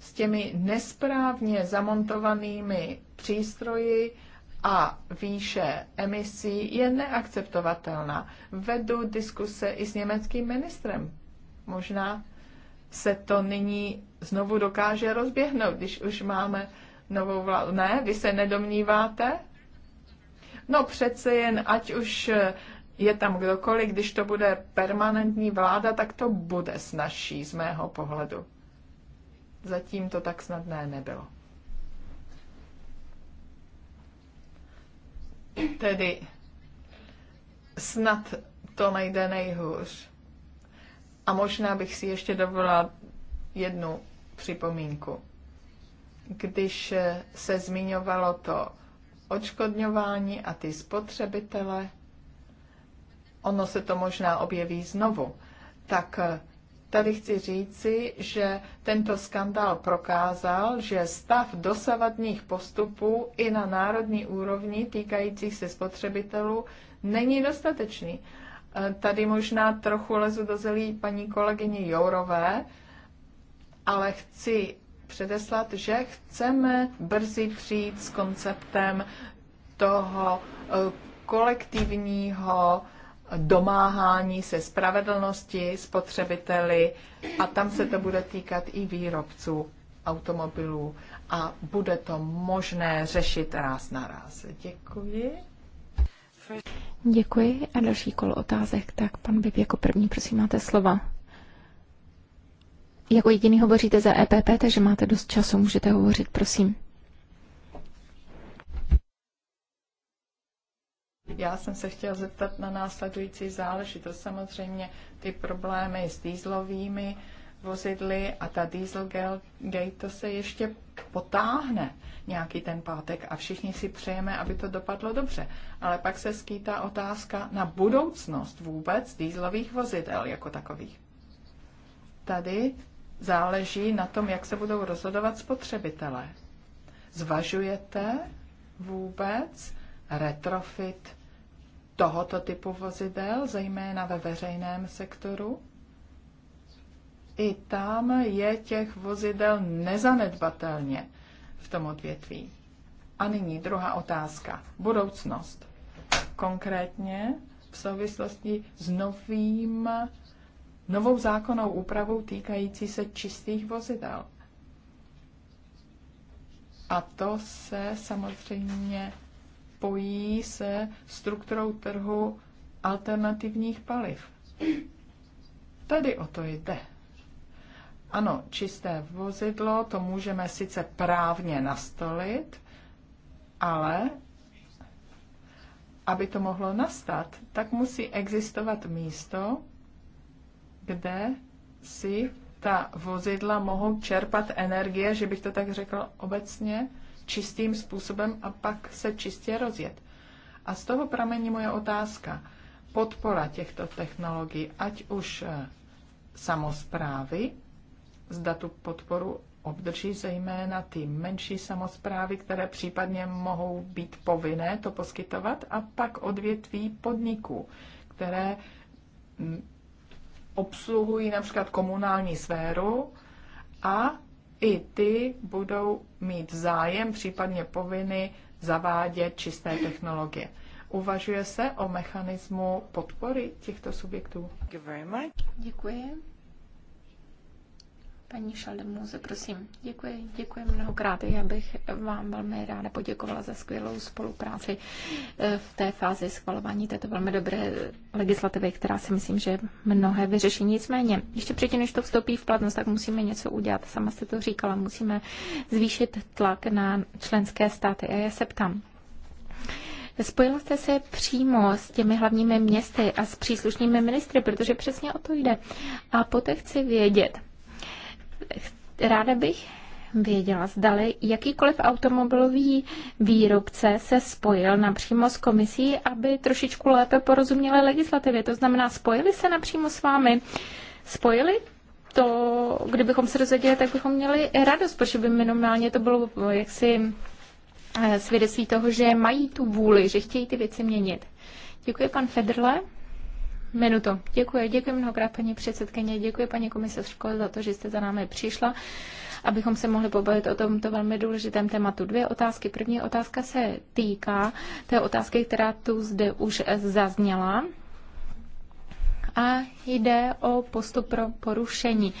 s těmi nesprávně zamontovanými přístroji a výše emisí je neakceptovatelná. Vedu diskuse i s německým ministrem. Možná se to nyní znovu dokáže rozběhnout, když už máme novou vládu. Ne, vy se nedomníváte? No přece jen, ať už je tam kdokoliv, když to bude permanentní vláda, tak to bude snažší z mého pohledu. Zatím to tak snadné nebylo. Tedy snad to nejde nejhůř. A možná bych si ještě dovolila jednu připomínku. Když se zmiňovalo to očkodňování a ty spotřebitele, ono se to možná objeví znovu, tak tady chci říci, že tento skandál prokázal, že stav dosavadních postupů i na národní úrovni týkajících se spotřebitelů není dostatečný. Tady možná trochu lezu do zelí paní kolegyně Jourové, ale chci předeslat, že chceme brzy přijít s konceptem toho eh, kolektivního domáhání se spravedlnosti spotřebiteli a tam se to bude týkat i výrobců automobilů a bude to možné řešit ráz na ráz. Děkuji. Děkuji a další kolo otázek. Tak pan Bib jako první, prosím, máte slova. Jako jediný hovoříte za EPP, takže máte dost času, můžete hovořit, prosím. Já jsem se chtěla zeptat na následující záležitost. Samozřejmě ty problémy s dýzlovými vozidly a ta Dieselgate, to se ještě potáhne nějaký ten pátek a všichni si přejeme, aby to dopadlo dobře. Ale pak se skýtá otázka na budoucnost vůbec dýzlových vozidel jako takových. Tady záleží na tom, jak se budou rozhodovat spotřebitelé. Zvažujete vůbec retrofit tohoto typu vozidel, zejména ve veřejném sektoru? i tam je těch vozidel nezanedbatelně v tom odvětví. A nyní druhá otázka. Budoucnost. Konkrétně v souvislosti s novým, novou zákonnou úpravou týkající se čistých vozidel. A to se samozřejmě pojí se strukturou trhu alternativních paliv. Tady o to jde ano, čisté vozidlo, to můžeme sice právně nastolit, ale aby to mohlo nastat, tak musí existovat místo, kde si ta vozidla mohou čerpat energie, že bych to tak řekl obecně, čistým způsobem a pak se čistě rozjet. A z toho pramení moje otázka. Podpora těchto technologií, ať už eh, samozprávy, zda tu podporu obdrží zejména ty menší samozprávy, které případně mohou být povinné to poskytovat, a pak odvětví podniků, které mm, obsluhují například komunální sféru a i ty budou mít zájem, případně povinny zavádět čisté technologie. Uvažuje se o mechanismu podpory těchto subjektů? Děkuji. Paní Šaldemuze, prosím. Děkuji, děkuji mnohokrát. Já bych vám velmi ráda poděkovala za skvělou spolupráci eh, v té fázi schvalování této velmi dobré legislativy, která si myslím, že mnohé vyřeší. Nicméně, ještě předtím, než to vstoupí v platnost, tak musíme něco udělat. Sama jste to říkala, musíme zvýšit tlak na členské státy. A já se ptám, Spojila jste se přímo s těmi hlavními městy a s příslušnými ministry, protože přesně o to jde. A poté chci vědět, Ráda bych věděla, zdali jakýkoliv automobilový výrobce se spojil napřímo s komisí, aby trošičku lépe porozuměli legislativě. To znamená, spojili se napřímo s vámi. Spojili to, kdybychom se dozvěděli, tak bychom měli radost, protože by minimálně to bylo jaksi eh, svědectví toho, že mají tu vůli, že chtějí ty věci měnit. Děkuji, pan Federle. Minuto. Děkuji, děkuji mnohokrát paní předsedkyně, děkuji paní komisařko za to, že jste za námi přišla, abychom se mohli pobavit o tomto velmi důležitém tématu. Dvě otázky. První otázka se týká té otázky, která tu zde už zazněla a jde o postup pro porušení.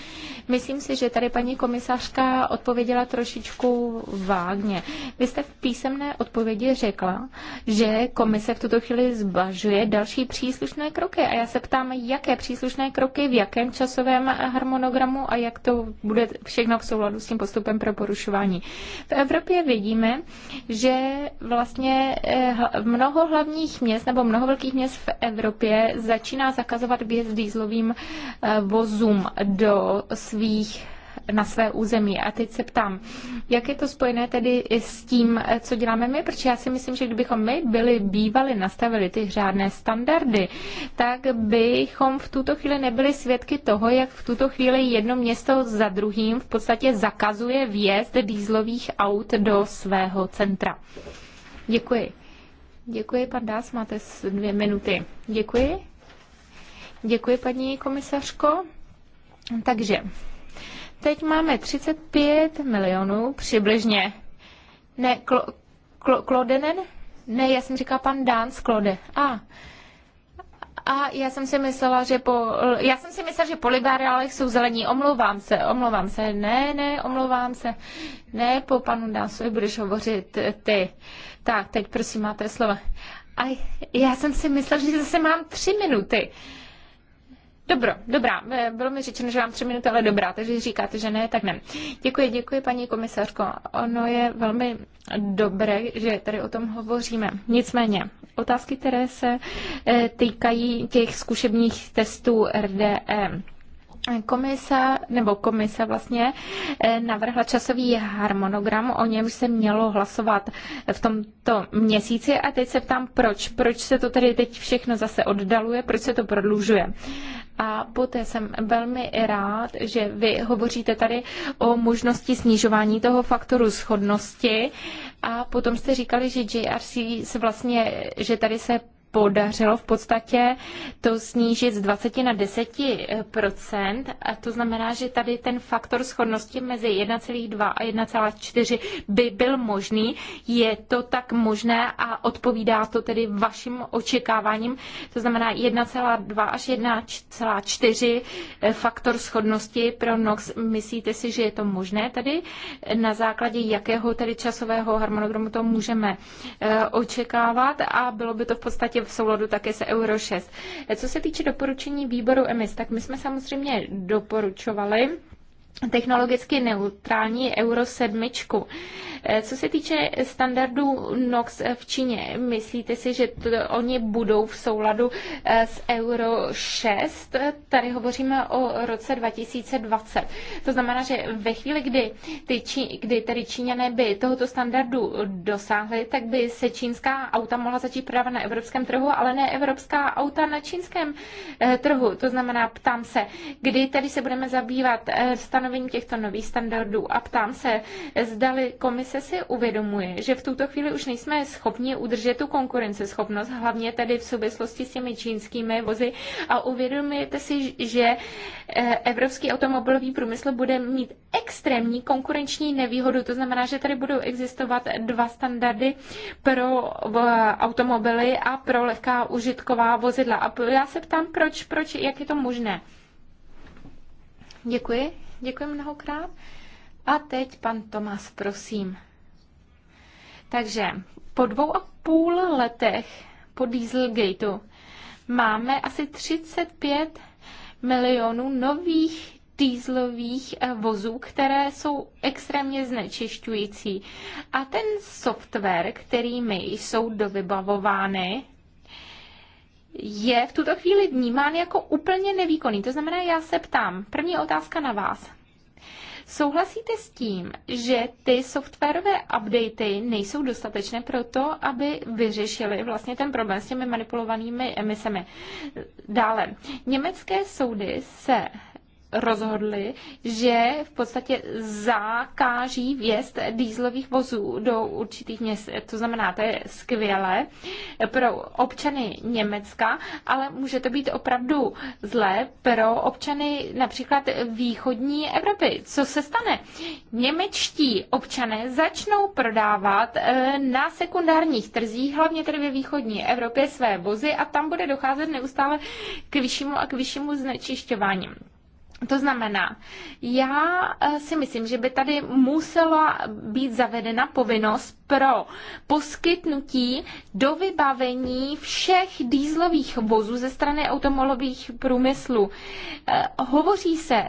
Myslím si, že tady paní komisařka odpověděla trošičku vágně. Vy jste v písemné odpovědi řekla, že komise v tuto chvíli zvažuje další příslušné kroky a já se ptám, jaké příslušné kroky, v jakém časovém harmonogramu a jak to bude všechno v souladu s tím postupem pro porušování. V Evropě vidíme, že vlastně eh, mnoho hlavních měst nebo mnoho velkých měst v Evropě začíná zakazovat hrdbě s dýzlovým eh, vozům do svých na své území. A teď se ptám, jak je to spojené tedy s tím, eh, co děláme my? Protože já si myslím, že kdybychom my byli bývali, nastavili ty řádné standardy, tak bychom v tuto chvíli nebyli svědky toho, jak v tuto chvíli jedno město za druhým v podstatě zakazuje vjezd dýzlových aut do svého centra. Děkuji. Děkuji, pan Dás, máte dvě minuty. Děkuji. Děkuji, paní komisařko. Takže teď máme 35 milionů přibližně. Ne, Klo, Klo, Klodenen? Ne, já jsem říkala pan Dán z Klode. A, A já jsem si myslela, že po, já jsem si myslela, že po liberálech jsou zelení. Omlouvám se, omlouvám se. Ne, ne, omlouvám se. Ne, po panu Dásovi budeš hovořit ty. Tak, teď prosím máte slovo. A já jsem si myslela, že zase mám tři minuty. Uh, Dobro, dobrá. Eh, bylo mi řečeno, že mám tři minuty, ale dobrá, takže říkáte, že ne, tak ne. Děkuji, děkuji, paní komisařko. Ono je velmi dobré, že tady o tom hovoříme. Nicméně, otázky, které se eh, týkají těch zkušebních testů RDE. Komisa, nebo komisa vlastně eh, navrhla časový harmonogram, o něm se mělo hlasovat v tomto měsíci a teď se ptám, proč, proč se to tady teď všechno zase oddaluje, proč se to prodlužuje. A poté jsem velmi rád, že vy hovoříte tady o možnosti snižování toho faktoru schodnosti. A potom jste říkali, že JRC se vlastně, že tady se podařilo v podstatě to snížit z 20 na 10 a to znamená, že tady ten faktor schodnosti mezi 1,2 a 1,4 by byl možný. Je to tak možné a odpovídá to tedy vašim očekáváním. To znamená 1,2 až 1,4 eh, faktor schodnosti pro NOx. Myslíte si, že je to možné tady? Na základě jakého tedy časového harmonogramu to můžeme eh, očekávat a bylo by to v podstatě v souladu také se Euro 6. Co se týče doporučení výboru EMIS, tak my jsme samozřejmě doporučovali, technologicky neutrální Euro 7. Eh, co se týče standardů NOx v Číně, myslíte si, že to, oni budou v souladu eh, s Euro 6? Tady hovoříme o roce 2020. To znamená, že ve chvíli, kdy, ty Čí, kdy tady Číňané by tohoto standardu dosáhli, tak by se čínská auta mohla začít prodávat na evropském trhu, ale ne evropská auta na čínském eh, trhu. To znamená, ptám se, kdy tady se budeme zabývat standardy stanovení těchto nových standardů a ptám se, zdali komise si uvědomuje, že v tuto chvíli už nejsme schopni udržet tu konkurenceschopnost, hlavně tedy v souvislosti s těmi čínskými vozy a uvědomujete si, že eh, evropský automobilový průmysl bude mít extrémní konkurenční nevýhodu, to znamená, že tady budou existovat dva standardy pro eh, automobily a pro lehká užitková vozidla. A já se ptám, proč, proč, jak je to možné? Děkuji. Děkuji mnohokrát. A teď pan Tomas, prosím. Takže po dvou a půl letech po Dieselgateu máme asi 35 milionů nových dýzlových eh, vozů, které jsou extrémně znečišťující. A ten software, kterými jsou dovybavovány, je v tuto chvíli vnímán jako úplně nevýkonný. To znamená, já se ptám, první otázka na vás. Souhlasíte s tím, že ty softwarové updaty nejsou dostatečné pro to, aby vyřešili vlastně ten problém s těmi manipulovanými emisemi? Dále, německé soudy se rozhodli, že v podstatě zakáží vjezd dýzlových vozů do určitých měst. To znamená, to je skvělé pro občany Německa, ale může to být opravdu zlé pro občany například východní Evropy. Co se stane? Němečtí občané začnou prodávat eh, na sekundárních trzích, hlavně tedy ve východní Evropě, své vozy a tam bude docházet neustále k vyššímu a k vyššímu znečišťování. To znamená, já eh, si myslím, že by tady musela být zavedena povinnost pro poskytnutí do vybavení všech dýzlových vozů ze strany automobilových průmyslů. Eh, hovoří se,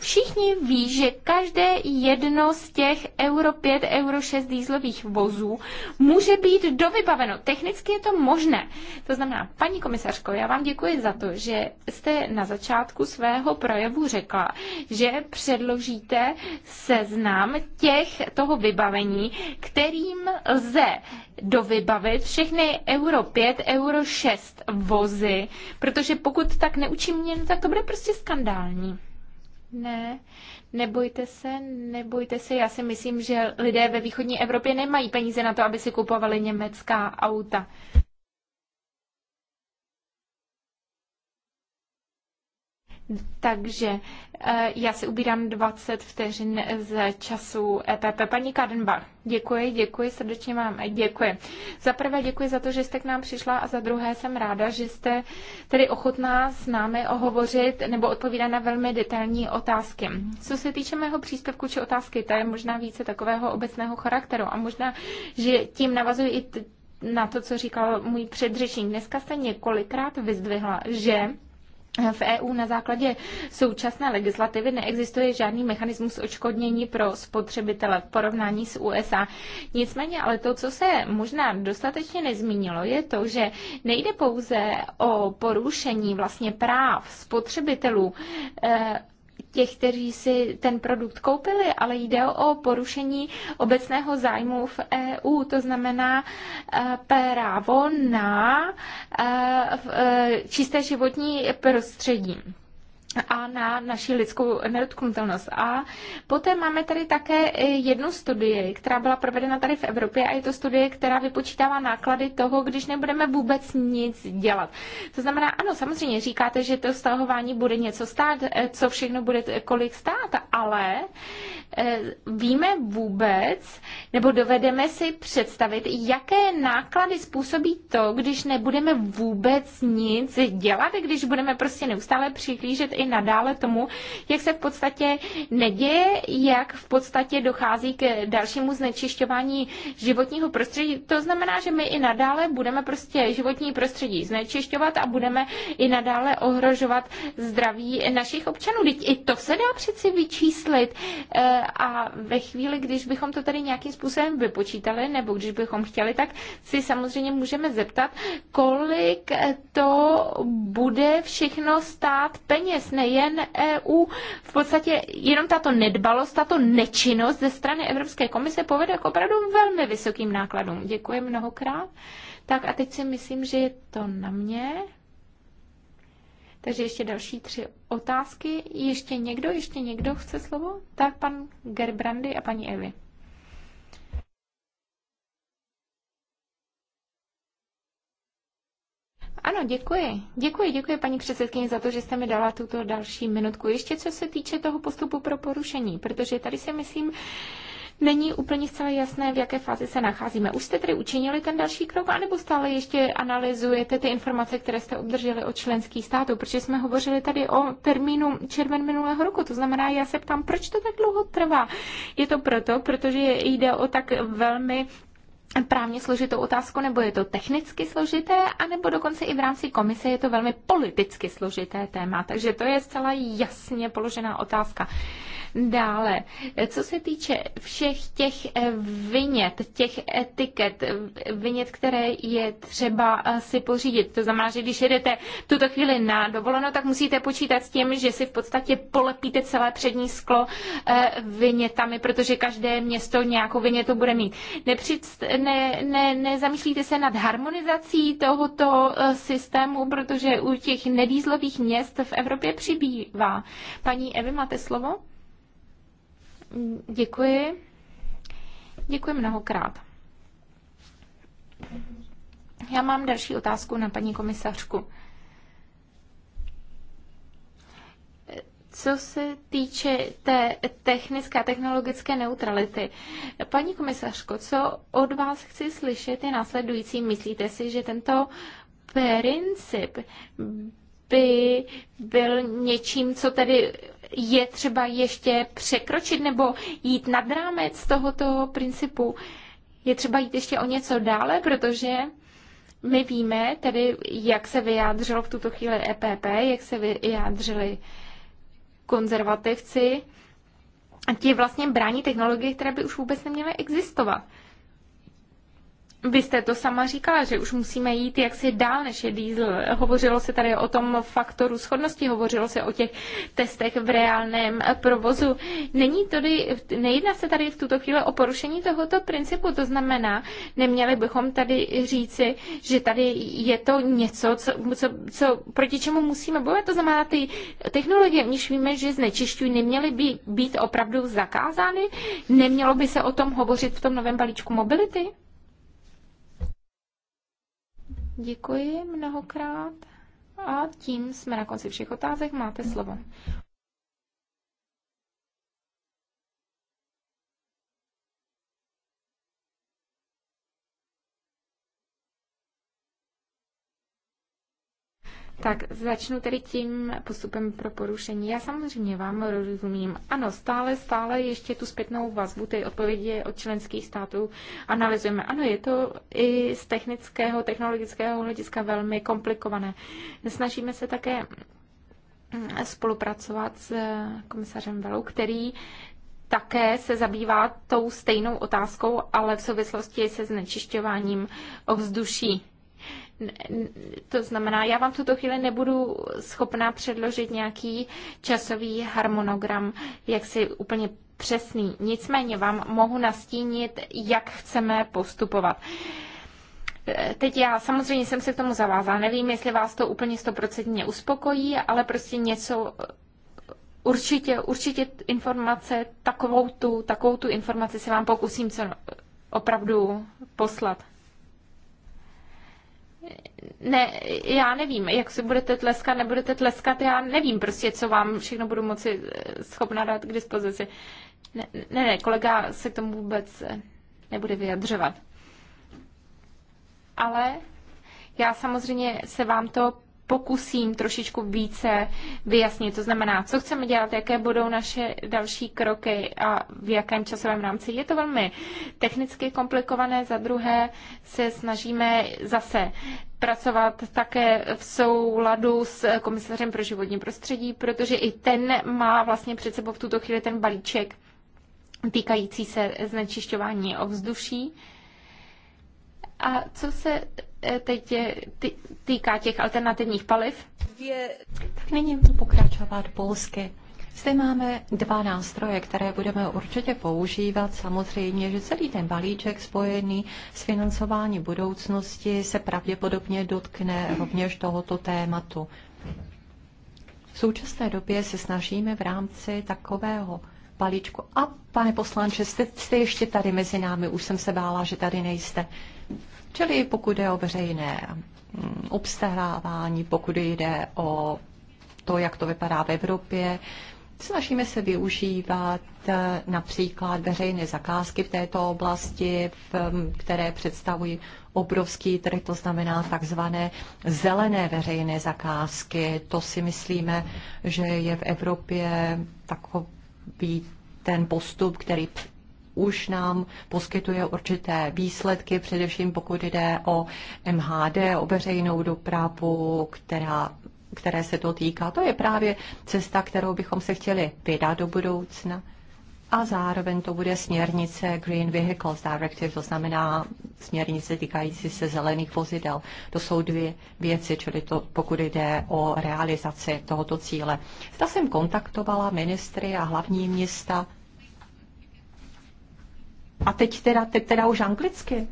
všichni ví, že každé jedno z těch Euro 5, Euro 6 dýzlových vozů může být dovybaveno. Technicky je to možné. To znamená, paní komisařko, já vám děkuji za to, že jste na začátku svého projevu řekla, že předložíte seznam těch toho vybavení, kterým lze dovybavit všechny Euro 5, Euro 6 vozy, protože pokud tak neučiníme, no tak to bude prostě skandální. Ne, nebojte se, nebojte se. Já si myslím, že lidé ve východní Evropě nemají peníze na to, aby si kupovali německá auta. Takže eh, já si ubírám 20 vteřin z času EPP. Paní Kadenbach, děkuji, děkuji, srdečně vám děkuji. Za prvé děkuji za to, že jste k nám přišla a za druhé jsem ráda, že jste tedy ochotná s námi ohovořit nebo odpovídat na velmi detailní otázky. Co se týče mého příspěvku či otázky, to je možná více takového obecného charakteru a možná, že tím navazuji i na to, co říkal můj předřečník. Dneska jste několikrát vyzdvihla, že v EU na základě současné legislativy neexistuje žádný mechanismus očkodnění pro spotřebitele v porovnání s USA. Nicméně ale to, co se možná dostatečně nezmínilo, je to, že nejde pouze o porušení vlastně práv spotřebitelů, eh, těch, kteří si ten produkt koupili, ale jde o porušení obecného zájmu v EU, to znamená eh, právo na eh, eh, čisté životní prostředí a na naši lidskou nedotknutelnost. A poté máme tady také jednu studii, která byla provedena tady v Evropě a je to studie, která vypočítává náklady toho, když nebudeme vůbec nic dělat. To znamená, ano, samozřejmě říkáte, že to stahování bude něco stát, eh, co všechno bude kolik stát, ale eh, víme vůbec, nebo dovedeme si představit, jaké náklady způsobí to, když nebudeme vůbec nic dělat, když budeme prostě neustále přihlížet i nadále tomu, jak se v podstatě neděje, jak v podstatě dochází k dalšímu znečišťování životního prostředí. To znamená, že my i nadále budeme prostě životní prostředí znečišťovat a budeme i nadále ohrožovat zdraví našich občanů. Teď i to se dá přeci vyčíslit e, a ve chvíli, když bychom to tady nějakým způsobem vypočítali, nebo když bychom chtěli, tak si samozřejmě můžeme zeptat, kolik to bude všechno stát peněz nejen EU. V podstatě jenom tato nedbalost, tato nečinnost ze strany Evropské komise povede k opravdu velmi vysokým nákladům. Děkuji mnohokrát. Tak a teď si myslím, že je to na mě. Takže ještě další tři otázky. Ještě někdo, ještě někdo chce slovo? Tak pan Gerbrandy a paní Evi. Ano, děkuji. Děkuji, děkuji paní předsedkyně za to, že jste mi dala tuto další minutku. Ještě co se týče toho postupu pro porušení, protože tady si myslím, není úplně zcela jasné, v jaké fázi se nacházíme. Už jste tedy učinili ten další krok, anebo stále ještě analyzujete ty informace, které jste obdrželi od členských států? Protože jsme hovořili tady o termínu červen minulého roku, to znamená, já se ptám, proč to tak dlouho trvá? Je to proto, protože jde o tak velmi právně složitou otázku, nebo je to technicky složité, anebo dokonce i v rámci komise je to velmi politicky složité téma. Takže to je zcela jasně položená otázka. Dále, co se týče všech těch eh, vinět, těch etiket, vinět, které je třeba eh, si pořídit, to znamená, že když jedete tuto chvíli na dovolenou, tak musíte počítat s tím, že si v podstatě polepíte celé přední sklo eh, vinětami, protože každé město nějakou vinětu bude mít. Nepřic, ne, ne, nezamýšlíte se nad harmonizací tohoto systému, protože u těch nedýzlových měst v Evropě přibývá. Paní Evy, máte slovo? Děkuji. Děkuji mnohokrát. Já mám další otázku na paní komisařku. Co se týče té technické a technologické neutrality, paní komisařko, co od vás chci slyšet je následující. Myslíte si, že tento princip by byl něčím, co tedy je třeba ještě překročit nebo jít nad rámec tohoto principu. Je třeba jít ještě o něco dále, protože my víme tedy, jak se vyjádřilo v tuto chvíli EPP, jak se vyjádřili konzervativci, a ti vlastně brání technologie, které by už vůbec neměly existovat. Vy jste to sama říkala, že už musíme jít jaksi dál, než je diesel. Hovořilo se tady o tom faktoru schodnosti, hovořilo se o těch testech v reálném provozu. Není tady, nejedná se tady v tuto chvíli o porušení tohoto principu, to znamená, neměli bychom tady říci, že tady je to něco, co, co, co proti čemu musíme bojovat. To znamená, ty technologie, v víme, že znečišťují, neměly by být opravdu zakázány, nemělo by se o tom hovořit v tom novém balíčku mobility? Děkuji mnohokrát a tím jsme na konci všech otázek. Máte slovo. Tak začnu tedy tím postupem pro porušení. Já samozřejmě vám rozumím. Ano, stále, stále ještě tu zpětnou vazbu, ty odpovědi od členských států analyzujeme. Ano, je to i z technického, technologického hlediska velmi komplikované. Snažíme se také spolupracovat s komisařem Velou, který také se zabývá tou stejnou otázkou, ale v souvislosti se znečišťováním ovzduší. To znamená, já vám v tuto chvíli nebudu schopná předložit nějaký časový harmonogram, jak si úplně přesný. Nicméně vám mohu nastínit, jak chceme postupovat. E, teď já samozřejmě jsem se k tomu zavázala. Nevím, jestli vás to úplně stoprocentně uspokojí, ale prostě něco určitě, určitě informace, takovou tu, takovou tu informaci se vám pokusím co opravdu poslat ne, já nevím, jak si budete tleskat, nebudete tleskat, já nevím prostě, co vám všechno budu moci eh, schopna dát k dispozici. Ne, ne, ne, kolega se k tomu vůbec eh, nebude vyjadřovat. Ale já samozřejmě se vám to pokusím trošičku více vyjasnit. To znamená, co chceme dělat, jaké budou naše další kroky a v jakém časovém rámci. Je to velmi technicky komplikované. Za druhé se snažíme zase pracovat také v souladu s komisařem pro životní prostředí, protože i ten má vlastně před sebou v tuto chvíli ten balíček týkající se znečišťování ovzduší. A co se eh, teď týká těch alternativních paliv? Tak nyní budu pokračovat polsky. Zde máme dva nástroje, které budeme určitě používat. Samozřejmě, že celý ten balíček spojený s financováním budoucnosti se pravděpodobně dotkne rovněž tohoto tématu. V současné době se snažíme v rámci takového balíčku. A pane poslanče, jste, jste ještě tady mezi námi, už jsem se bála, že tady nejste. Uh, Čili pokud jde o veřejné mm, obstarávání, pokud jde o to, jak to vypadá v Evropě, snažíme se využívat eh, například veřejné zakázky v této oblasti, mm, které představují obrovský trh, to znamená takzvané zelené veřejné zakázky. To si myslíme, že je v Evropě takový ten postup, který už nám poskytuje určité výsledky, především pokud jde o MHD, o veřejnou dopravu, která které se to týká. To je právě cesta, kterou bychom se chtěli vydat do budoucna. A zároveň to bude směrnice Green Vehicles Directive, to znamená směrnice týkající se zelených vozidel. To jsou dvě věci, čili to, pokud jde o realizaci tohoto cíle. Zda jsem kontaktovala ministry a hlavní města a teď teda, teď teda už anglicky.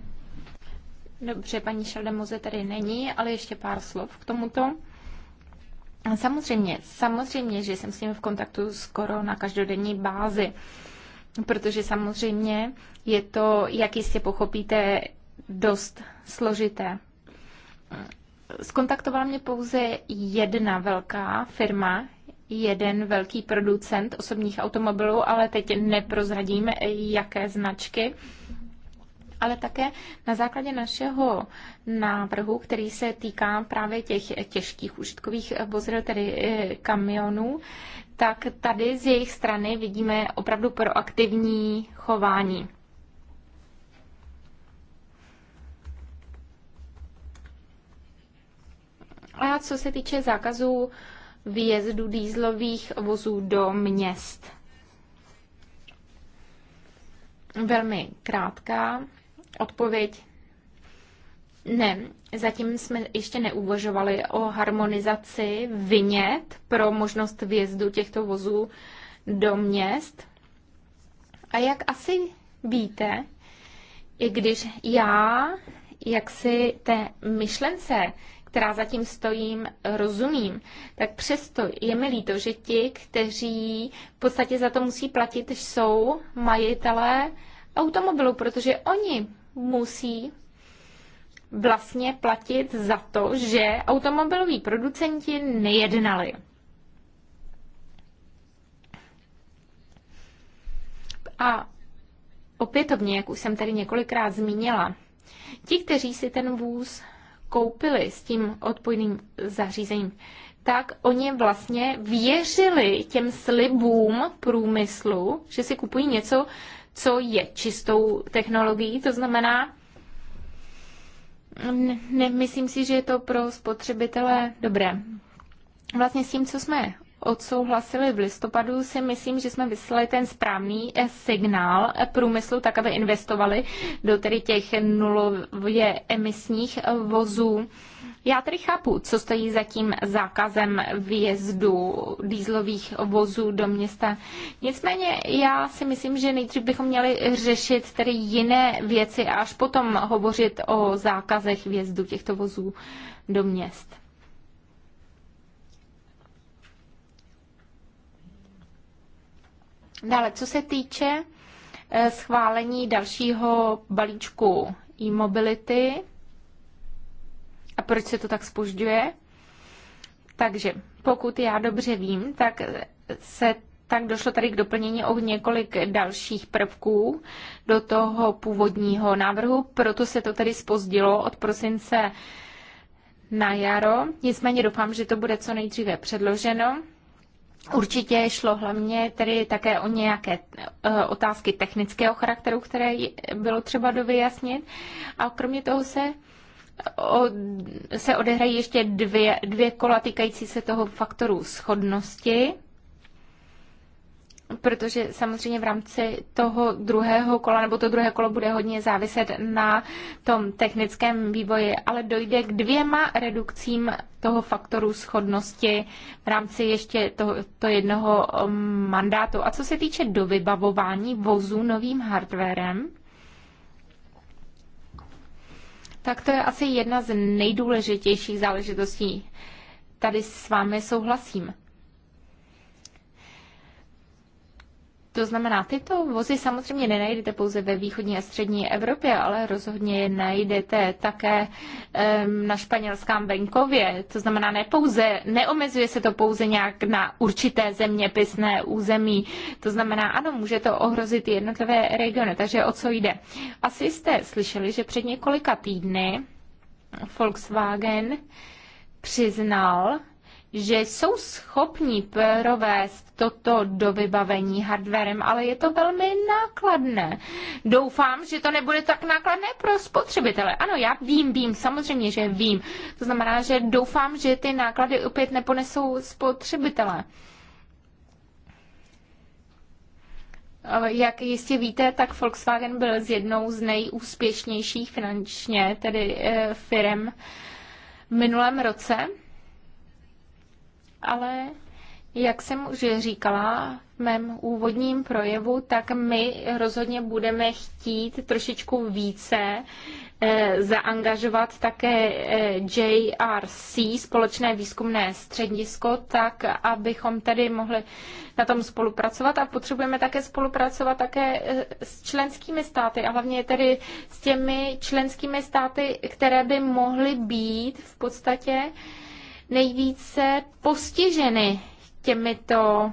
Dobře, paní Šaldemoze tady není, ale ještě pár slov k tomuto. Samozřejmě, samozřejmě, že jsem s nimi v kontaktu skoro na každodenní bázi, protože samozřejmě je to, jak jistě pochopíte, dost složité. Skontaktovala mě pouze jedna velká firma, jeden velký producent osobních automobilů, ale teď neprozradíme, jaké značky ale také na základě našeho návrhu, který se týká právě těch těžkých užitkových vozidel, tedy eh, kamionů, tak tady z jejich strany vidíme opravdu proaktivní chování. A co se týče zákazů výjezdu dýzlových vozů do měst. Velmi krátká odpověď. Ne, zatím jsme ještě neuvažovali o harmonizaci vinět pro možnost vjezdu těchto vozů do měst. A jak asi víte, i když já jak si té myšlence která zatím stojím, rozumím, tak přesto je mi líto, že ti, kteří v podstatě za to musí platit, jsou majitelé automobilu, protože oni musí vlastně platit za to, že automobiloví producenti nejednali. A opětovně, jak už jsem tady několikrát zmínila, ti, kteří si ten vůz koupili s tím odpojným zařízením, tak oni vlastně věřili těm slibům průmyslu, že si kupují něco, co je čistou technologií. To znamená, nemyslím si, že je to pro spotřebitele dobré. Vlastně s tím, co jsme odsouhlasili v listopadu, si myslím, že jsme vyslali ten správný eh, signál eh, průmyslu, tak aby investovali do tedy těch nulově emisních eh, vozů. Já tedy chápu, co stojí za tím zákazem výjezdu dýzlových vozů do města. Nicméně já si myslím, že nejdřív bychom měli řešit tedy jiné věci a až potom hovořit o zákazech vjezdu těchto vozů do měst. Dále, co se týče eh, schválení dalšího balíčku e-mobility a proč se to tak spožďuje. Takže pokud já dobře vím, tak se tak došlo tady k doplnění o několik dalších prvků do toho původního návrhu, proto se to tady spozdilo od prosince na jaro. Nicméně doufám, že to bude co nejdříve předloženo Určitě šlo hlavně tedy také o nějaké eh, otázky technického charakteru, které bylo třeba dovyjasnit. A kromě toho se O, se odehrají ještě dvě, dvě kola týkající se toho faktoru schodnosti protože samozřejmě v rámci toho druhého kola, nebo to druhé kolo bude hodně záviset na tom technickém vývoji, ale dojde k dvěma redukcím toho faktoru schodnosti v rámci ještě to, to jednoho um, mandátu. A co se týče dovybavování vozu novým hardwarem, tak to je asi jedna z nejdůležitějších záležitostí. Tady s vámi souhlasím. To znamená, tyto vozy samozřejmě nenajdete pouze ve východní a střední Evropě, ale rozhodně je najdete také na španělském venkově. To znamená, ne pouze, neomezuje se to pouze nějak na určité zeměpisné území. To znamená, ano, může to ohrozit jednotlivé regiony. Takže o co jde? Asi jste slyšeli, že před několika týdny Volkswagen přiznal, že jsou schopni provést toto do vybavení hardwarem, ale je to velmi nákladné. Doufám, že to nebude tak nákladné pro spotřebitele. Ano, já vím, vím, samozřejmě, že vím. To znamená, že doufám, že ty náklady opět neponesou spotřebitele. Jak jistě víte, tak Volkswagen byl z jednou z nejúspěšnějších finančně, tedy eh, firm v minulém roce ale jak jsem už říkala v mém úvodním projevu, tak my rozhodně budeme chtít trošičku více eh, zaangažovat také eh, JRC, společné výzkumné středisko, tak abychom tedy mohli na tom spolupracovat a potřebujeme také spolupracovat také eh, s členskými státy a hlavně tedy s těmi členskými státy, které by mohly být v podstatě eh, nejvíce postiženy těmito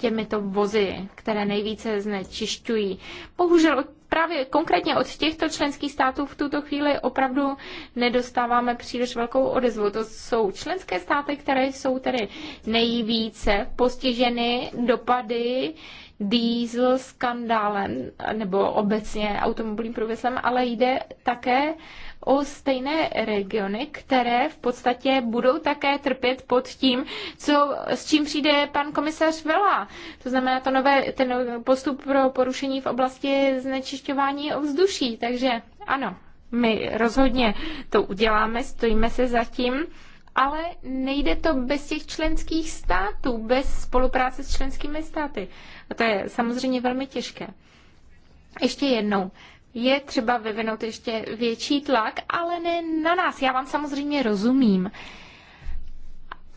těmito vozy, které nejvíce znečišťují. Bohužel právě konkrétně od těchto členských států v tuto chvíli opravdu nedostáváme příliš velkou odezvu. To jsou členské státy, které jsou tedy nejvíce postiženy dopady diesel skandálem nebo obecně automobilním průmyslem, ale jde také o stejné regiony, které v podstatě budou také trpět pod tím, co, s čím přijde pan komisař Vela. To znamená to nové, ten postup pro porušení v oblasti znečišťování ovzduší. Takže ano, my rozhodně to uděláme, stojíme se za tím. Ale nejde to bez těch členských států, bez spolupráce s členskými státy. A to je samozřejmě velmi těžké. Ještě jednou, je třeba vyvinout ještě větší tlak, ale ne na nás. Já vám samozřejmě rozumím.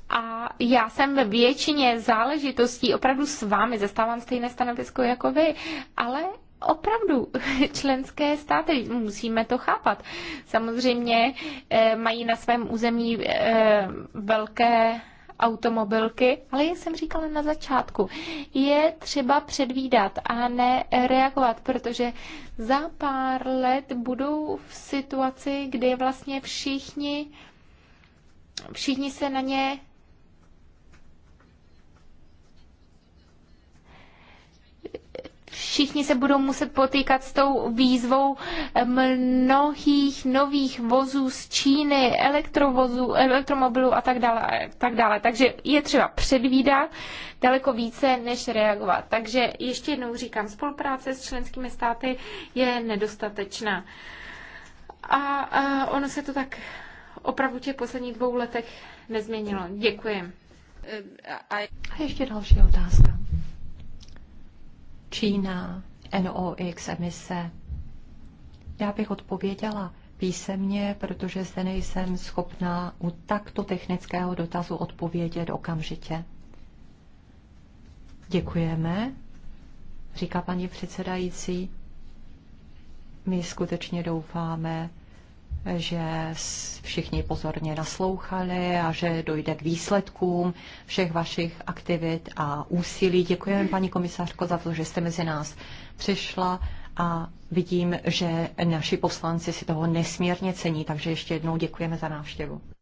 A já jsem ve většině záležitostí opravdu s vámi, zastávám stejné stanovisko jako vy, ale opravdu členské státy, musíme to chápat. Samozřejmě eh, mají na svém území eh, velké automobilky, ale jak jsem říkala na začátku, je třeba předvídat a ne reagovat, protože za pár let budou v situaci, kdy vlastně všichni, všichni se na ně Všichni se budou muset potýkat s tou výzvou mnohých nových vozů z Číny, elektrovozů, elektromobilů a tak dále. tak dále. Takže je třeba předvídat daleko více, než reagovat. Takže ještě jednou říkám, spolupráce s členskými státy je nedostatečná. A, a ono se to tak opravdu těch posledních dvou letech nezměnilo. Děkuji. Ehm, a ještě další otázka. Čína, NOx emise. Já bych odpověděla písemně, protože zde nejsem schopná u takto technického dotazu odpovědět okamžitě. Děkujeme, říká paní předsedající. My skutečně doufáme, že všichni pozorně naslouchali a že dojde k výsledkům všech vašich aktivit a úsilí. Děkujeme, paní komisařko, za to, že jste mezi nás přišla a vidím, že naši poslanci si toho nesmírně cení, takže ještě jednou děkujeme za návštěvu.